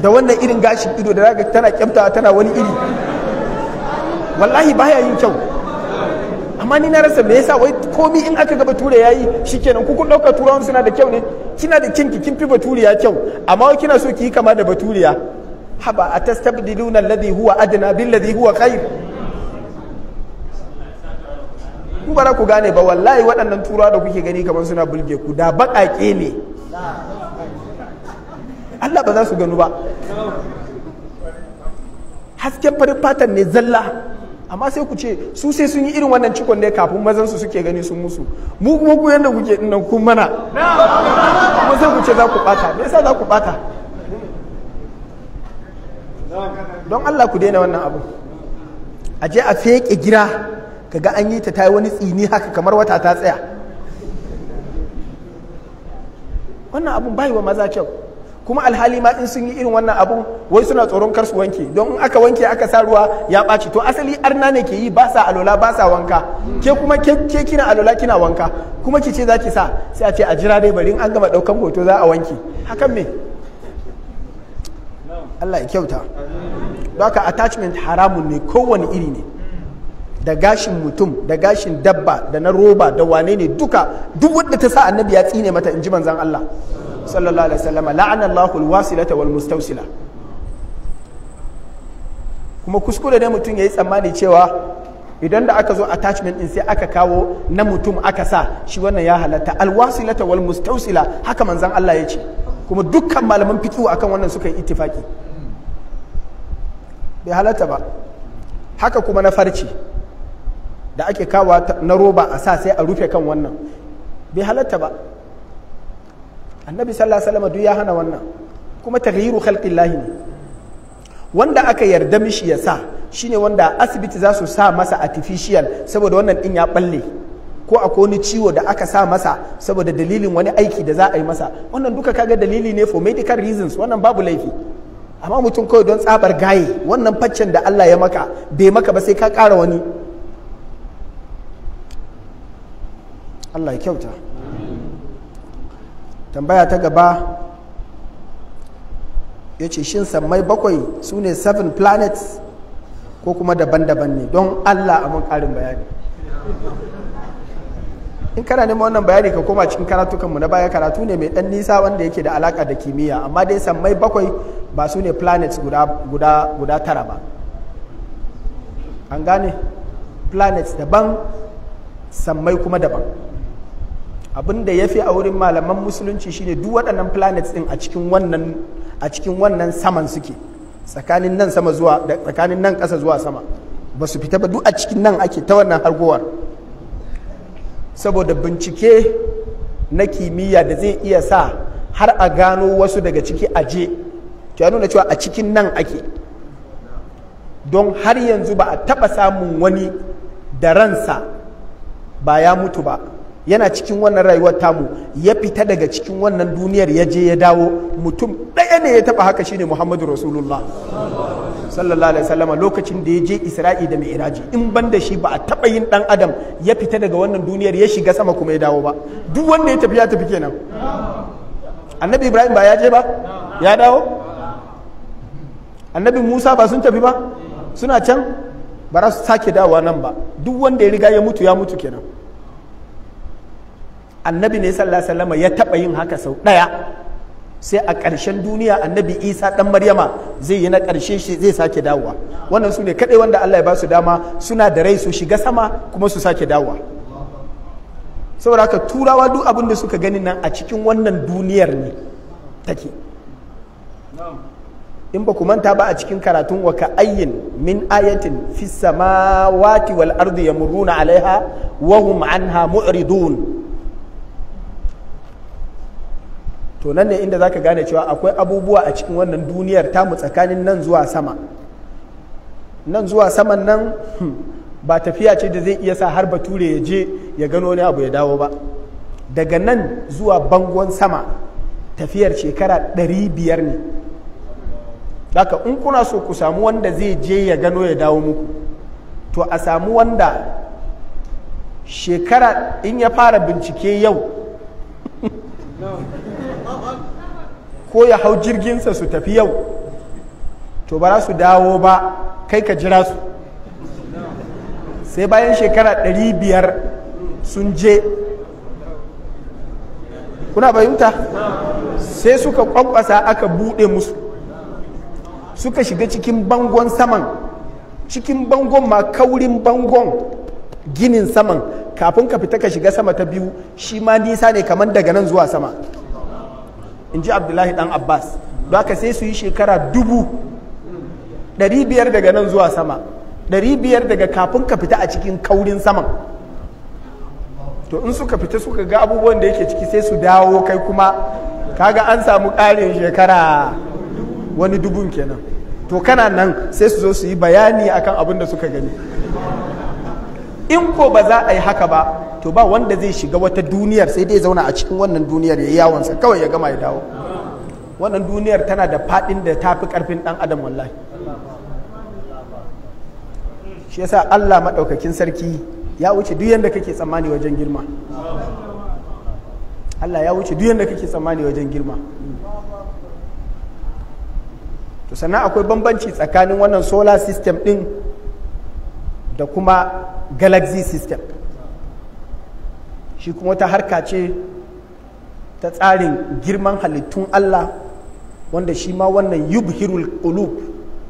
da wannan irin gashin ido da zaka tana kyamta tana wani iri wallahi baya yin kyau amma ni na rasa me yasa wai komi in aka ga bature yi shikenan ku kun dauka turawan suna da kyau ne kina da kinki kin fi baturiya kyau amma wai kina so ki yi kama da baturiya haba atastabdiluna alladhi huwa adna billadhi huwa khair ku bara ku gane ba wallahi waɗannan turawa da kuke gani kamar suna bulge ku da baƙaƙe ne Allah ba za su ganu ba hasken farin fatan ne zalla amma sai ku ce su sai sun yi irin wannan cikon ne kafin mazan su suke gani sun musu mu kuma ku yanda kuke dinnan kun mana kuma sai ku ce za ku bata me yasa za ku bata don Allah ku daina wannan abu a je a feke gira kaga an yi ta tayi wani tsini haka kamar wata ta tsaya wannan abun bai wa maza kyau kuma alhali ma in sun yi irin wannan abun wai suna tsoron kar su wanke don in aka wanke aka sa ruwa ya ɓaci to asali arna ne ke yi ba sa alola ba sa wanka ke kuma ke kina alola kina wanka kuma ki ce za ki sa sai a ce a jira dai bari in an gama ɗaukan hoto za a wanke hakan me Allah ya kyauta baka attachment haramun ne kowane iri ne da gashin mutum da gashin dabba da na roba da wane ne duka duk wanda ta sa annabi ya tsine mata in ji manzon Allah sallallahu alaihi wasallam la'ana Allahu alwasilata walmustawsila kuma kuskure ne mutum yayi tsammani cewa idan da aka zo attachment din sai aka kawo na mutum aka sa shi wannan ya halatta alwasilata walmustawsila haka manzon Allah ya ce kuma dukkan malaman fiqh akan wannan suka yi ittifaki bai halatta ba haka kuma na farci da ake kawo na roba a sa sai a rufe kan wannan bai halatta ba annabi sallallahu alaihi wasallam ya hana wannan kuma taghyiru khalqillahi ne wanda aka yarda mishi ya sa shine wanda asibiti za su sa masa artificial saboda wannan din ya balle ko akwai wani ciwo da aka sa masa saboda dalilin wani aiki da za a yi masa wannan duka kaga dalili ne for medical reasons wannan babu laifi amma mutum kawai don tsabar gaye wannan faccen da Allah ya maka bai maka ba sai ka kara wani Allah ya kyauta tambaya ta gaba ya ce shin sammai bakwai su ne seven planets ko kuma daban-daban ne don allah a mun karin bayani in kana neman wannan bayani ka koma cikin karatukanmu na baya karatu ne mai dan nisa wanda yake da alaka da kimiyya amma dai sammai bakwai ba su ne planets guda tara ba an gane planets daban sammai kuma daban abin da ya fi a wurin malaman musulunci shine duk waɗannan planets ɗin a cikin wannan saman suke tsakanin nan sama zuwa tsakanin nan ƙasa zuwa sama ba su fita ba duk a cikin nan ake ta wannan hargowar saboda bincike na kimiyya da zai iya sa har a gano wasu daga ciki aje ya nuna cewa a cikin nan ake don har yanzu ba a taɓa samun wani da ransa ba ya mutu ba yana cikin wannan rayuwar tamu ya fita daga cikin wannan duniyar ya je ya dawo mutum ɗaya ne ya taɓa haka shine muhammadu rasulullah sallallahu alaihi wasallama lokacin da ya je isra'i da mai in ban da shi ba a taɓa yin ɗan adam ya fita daga wannan duniyar ya shiga sama kuma ya dawo ba duk wanda ya tafi ya tafi kenan annabi ibrahim ba ya je ba ya dawo annabi musa ba sun tafi ba suna can ba za su sake dawowa nan ba duk wanda ya riga ya mutu ya mutu kenan annabi ne sallallahu alaihi ya taba yin haka sau daya sai a ƙarshen duniya annabi isa ɗan maryama zai yi na ƙarshe shi zai sake dawowa wannan su ne kaɗai wanda allah ya ba su dama suna da rai su shiga sama kuma su sake dawowa saboda haka turawa duk abin da suka gani nan a cikin wannan duniyar ne take in ba ku manta ba a cikin karatun wa ka ayyin min ayatin fi samawati wal ardi muruna alaiha wa hum anha mu'ridun to nan ne inda za ka gane cewa akwai abubuwa a cikin wannan duniyar tamu tsakanin nan zuwa sama nan zuwa saman nan hmm, ba tafiya ce da zai iya sa har bature ya je ya gano wani abu ya dawo ba daga nan zuwa bangon sama tafiyar shekara 500 ne ka in kuna so ku samu wanda zai je ya gano ya dawo muku to a samu wanda shekara in ya fara bincike yau ko ya hau jirginsa su tafi yau to ba su dawo ba kai ka jira su sai bayan shekara 500 sun je kuna bayimta sai suka kwakwasa aka buɗe musu suka shiga cikin bangon saman cikin bangon ma kaurin bangon ginin saman kafin ka fita ka shiga sama ta biyu shi ma nisa ne kamar daga nan zuwa sama in ji abdullahi dan abbas ba ka sai su yi shekara dubu ɗari biyar daga nan zuwa sama ɗari biyar daga kafin ka fita a cikin kaurin saman to in suka fita suka ga abubuwan da yake ciki sai su dawo kai kuma kaga an samu ƙarin shekara wani dubun kenan to kana nan sai su zo su yi bayani akan abin da suka gani in ko ba za a yi haka ba to ba wanda zai shiga wata duniyar sai dai zauna a cikin wannan duniyar ya yi yawonsa kawai ya gama ya dawo wannan duniyar tana da faɗin da ta fi ƙarfin ɗan adam wallahi shi yasa allah maɗaukakin sarki ya wuce duk yadda kake tsammani wajen girma allah ya wuce duk yadda kake tsammani wajen girma to sannan akwai bambanci tsakanin wannan solar system ɗin da kuma galaxy system shi kuma ta harka ce ta tsarin girman halittun Allah wanda shi ma wannan yubhirul qulub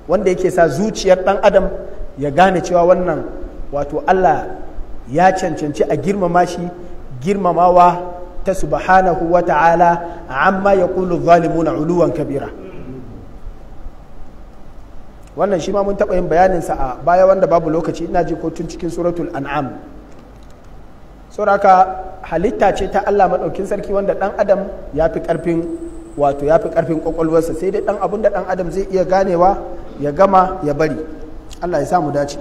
wanda yake sa zuciyar ɗan adam ya gane cewa wannan wato Allah ya cancanci a girmama shi girmamawa ta subhanahu wa ta'ala amma ya kulu zalimuna uluwan kabira wannan shi ma mun taɓa yin bayaninsa a baya wanda babu lokaci ina ji kotun cikin suratul an'am sauraka halitta ce ta Allah maɗaukin sarki wanda ɗan adam ya fi ƙarfin wato ya fi ƙarfin ƙwaƙwalwarsa sai dai ɗan abun da ɗan adam zai iya ganewa ya gama ya bari Allah ya sa mu dace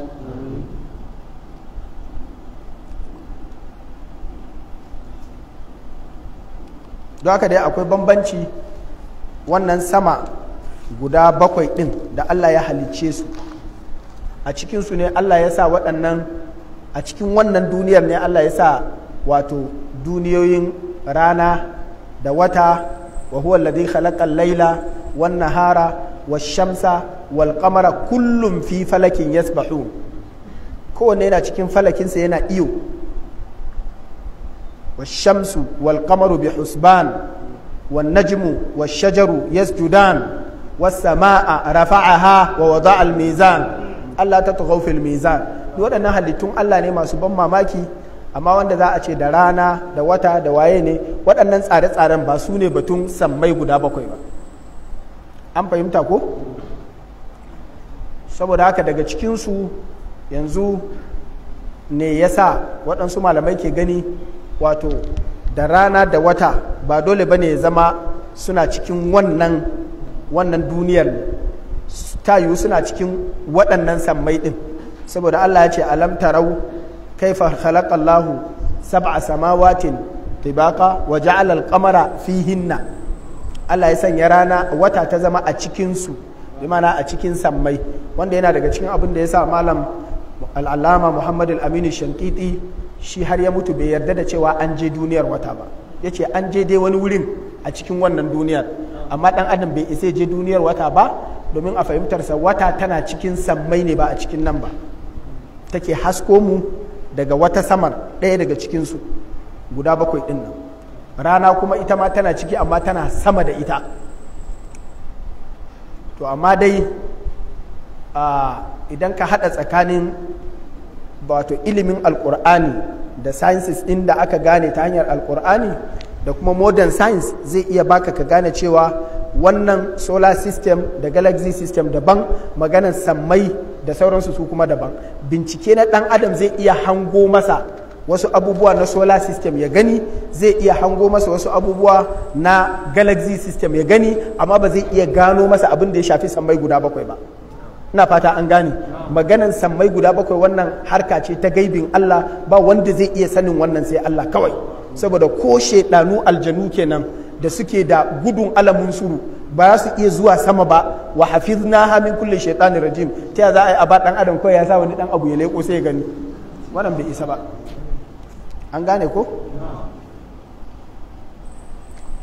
don haka dai akwai bambanci wannan sama guda bakwai ɗin da Allah ya halicce su a cikinsu ne Allah ya sa waɗannan a cikin wannan duniyar ne Allah ya sa wato duniyoyin rana da wata wa huwa ladai khalaqa laila wan nahara wash-shamsa wal qamara kullum fi falakin yasbahun kowanne yana cikin falakinsa yana iyo wash-shamsu wal qamaru bi husban wan najmu wash-shajaru yasjudan wasama'a rafa'aha wa waza al-mizan Allah ta taghaw fil mizan waɗannan halittun Allah ne masu ban mamaki amma wanda za a ce da rana da wata da waye ne waɗannan tsare-tsaren ba su ne batun sammai guda bakwai ba an fahimta ko saboda haka daga cikinsu yanzu ne ya sa waɗansu malamai ke gani wato da rana da wata ba dole ba ne ya zama suna cikin wannan wannan duniyar ta yiwu suna cikin waɗannan sammai ɗin saboda Allah ya ce alam tarau kaifa khalaqallahu sab'a samawatin tibaqa wa ja'ala al-qamara fihinna Allah ya sanya rana wata ta zama a cikin su mana a cikin sammai wanda yana daga cikin abin da ya sa malam al'alama Muhammad al-Aminu Shankiti shi har ya mutu bai yarda da cewa an je duniyar wata ba yace an je dai wani wurin a cikin wannan duniyar amma dan adam bai isa je duniyar wata ba domin a fahimtarsa wata tana cikin sammai ne ba a cikin nan ba take hasko mu daga wata samar ɗaya daga cikin su guda bakwai ɗin nan rana kuma ita ma tana ciki amma tana sama da ita to amma dai idan ka haɗa tsakanin wato ilimin alkur'ani da sciences ɗin da aka gane ta hanyar alkur'ani. da kuma modern science zai iya baka ka gane cewa wannan solar system da galaxy system daban maganan sammai da sauransu su kuma daban bincike na dan adam zai iya hango masa wasu abubuwa na solar system ya gani zai iya hango masa wasu abubuwa na galaxy system ya gani amma ba zai iya gano masa abin da ya shafi sammai guda bakwai ba ina fata an gane maganan sammai guda bakwai wannan harka ce ta gaibin Allah ba wanda zai iya sanin wannan sai Allah kawai saboda ko shaidanu aljanu kenan da suke da gudun alamun suru ba za su iya zuwa sama ba wa hafiz na hamin kulle shaidanin rajim ta za a yi aba dan adam kawai ya sa wani dan abu ya leko sai ya gani wannan bai isa ba an gane ko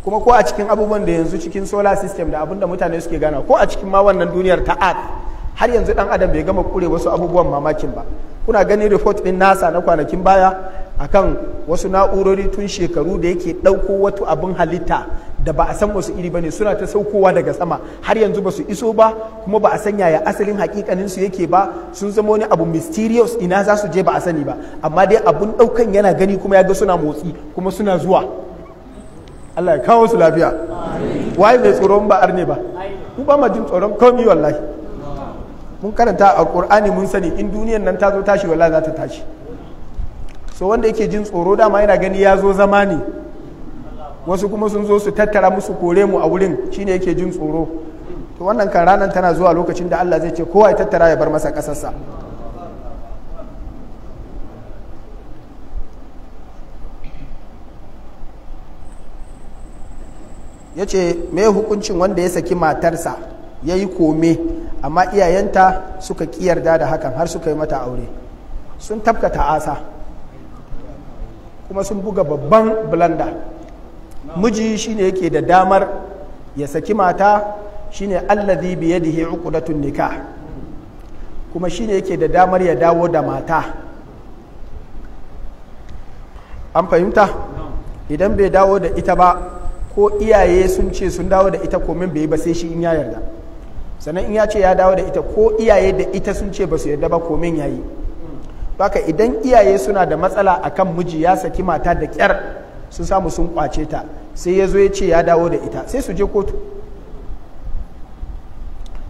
kuma ko a cikin abubuwan da yanzu cikin solar system da abinda mutane suke gana ko a cikin ma wannan duniyar ta har yanzu dan adam bai gama kure wasu abubuwan mamakin ba kuna ganin report din nasa na kwanakin baya akan wasu na'urori tun shekaru da yake ɗauko wata abin halitta da ba a san wasu iri ba ne suna ta saukowa daga sama har yanzu ba su iso ba kuma ba a san yaya asalin hakikanin su yake ba sun zama wani abu mysterious ina za su je ba a sani ba amma dai abun ɗaukan yana gani kuma ya ga suna motsi kuma suna zuwa Allah ya kawo su lafiya waye mai tsoron ba arne ba ku ba ma jin tsoron wallahi mun karanta a mun sani in duniyan nan ta zo tashi wallahi za ta tashi so wanda yake jin tsoro dama yana gani ya zo zama ne wasu kuma sun zo su tattara musu kore mu a wurin shine yake jin tsoro to wannan kan ranar tana zuwa lokacin da Allah zai ce kowa ya tattara ya bar masa kasarsa ya ce mai hukuncin wanda ya saki matarsa ya yi kome amma iyayenta suka ƙiyarda da hakan har suka yi mata aure sun tafka ta'asa kuma sun buga babban blanda miji shine yake da damar ya saki mata shine allazi bi yadihi uqdatun nikah kuma shine yake da damar ya dawo da mata an fahimta idan bai dawo da ita ba ko iyaye sun ce sun dawo da ita komin bai yi ba sai shi in ya yarda sannan in ya ce ya dawo da ita ko iyaye da ita sun ce ba su yarda ba komin ya yi baka idan iyaye suna da matsala akan miji ya saki mata da kyar sun samu sun kwace ta sai ya zo ya ce ya dawo da ita sai su je kotu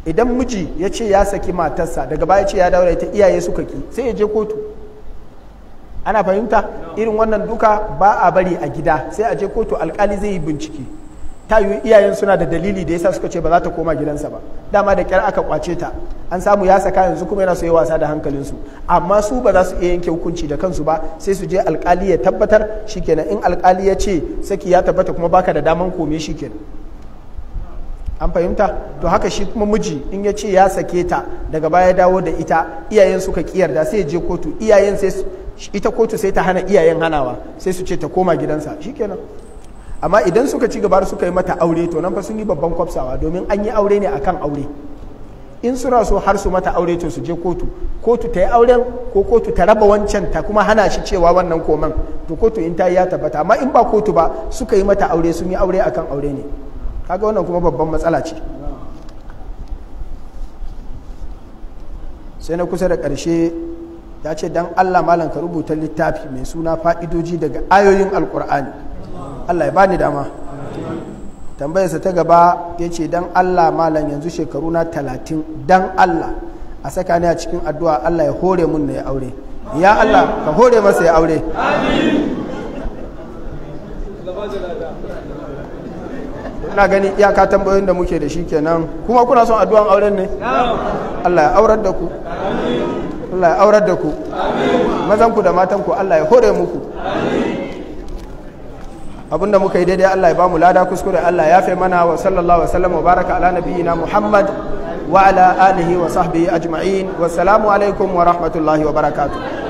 idan miji ya ce ya saki matarsa daga baya ce ya dawo da ita iyaye suka ki sai ya je kotu ana fahimta irin wannan duka ba a bari a gida sai a je kotu alkali zai yi bincike ta yi iyayen suna da dalili da yasa suka ce ba za ta koma gidansa ba dama da kyar aka kwace ta an samu ya saka yanzu kuma yana so ya wasa da su amma su ba za su iya yanke hukunci da kansu ba sai su je alkali ya tabbatar shikenan in alkali ya ce saki ya tabbata kuma baka da daman kome shikenan an fahimta to haka shi kuma miji in ya ce ya sake ta daga baya dawo da ita iyayen suka kiyarda sai je kotu iyayen sai ita kotu sai ta hana iyayen hanawa sai su ce ta koma gidansa shikenan amma idan suka ci gaba suka yi mata aure to nan fa sun yi babban kwafsawa domin an yi aure ne akan aure in suna so har su mata aure to su je kotu kotu ta yi auren ko kotu ta raba wancan ta kuma hana shi cewa wannan koman to kotu in ta yi ya tabbata amma in ba kotu ba suka yi mata aure sun yi aure akan aure ne kaga wannan kuma babban matsala ce sai na kusa da karshe ya ce don allah malam ka rubuta littafi mai suna fa'idoji daga ayoyin alkur'ani Allah ya bani dama tambayarsa ta gaba ya ce dan Allah malam yanzu shekaru na talatin dan Allah a saka ni a cikin addu'a Allah ya hore mun na ya aure ya Allah ka hore masa ya aure na gani iyaka tambayoyin da muke da shi kenan kuma kuna son addu'an auren ne Allah ya aurar da ku Allah ya aurar da ku mazan ku da matan ku Allah ya hore muku amin abinda muka yi daidai Allah ya bamu lada kuskure Allah ya fe mana wa sallallahu wa sallam wa baraka ala nabiyina Muhammad wa ala alihi wa sahbihi ajma'in wa salamu alaikum wa rahmatullahi wa barakatuh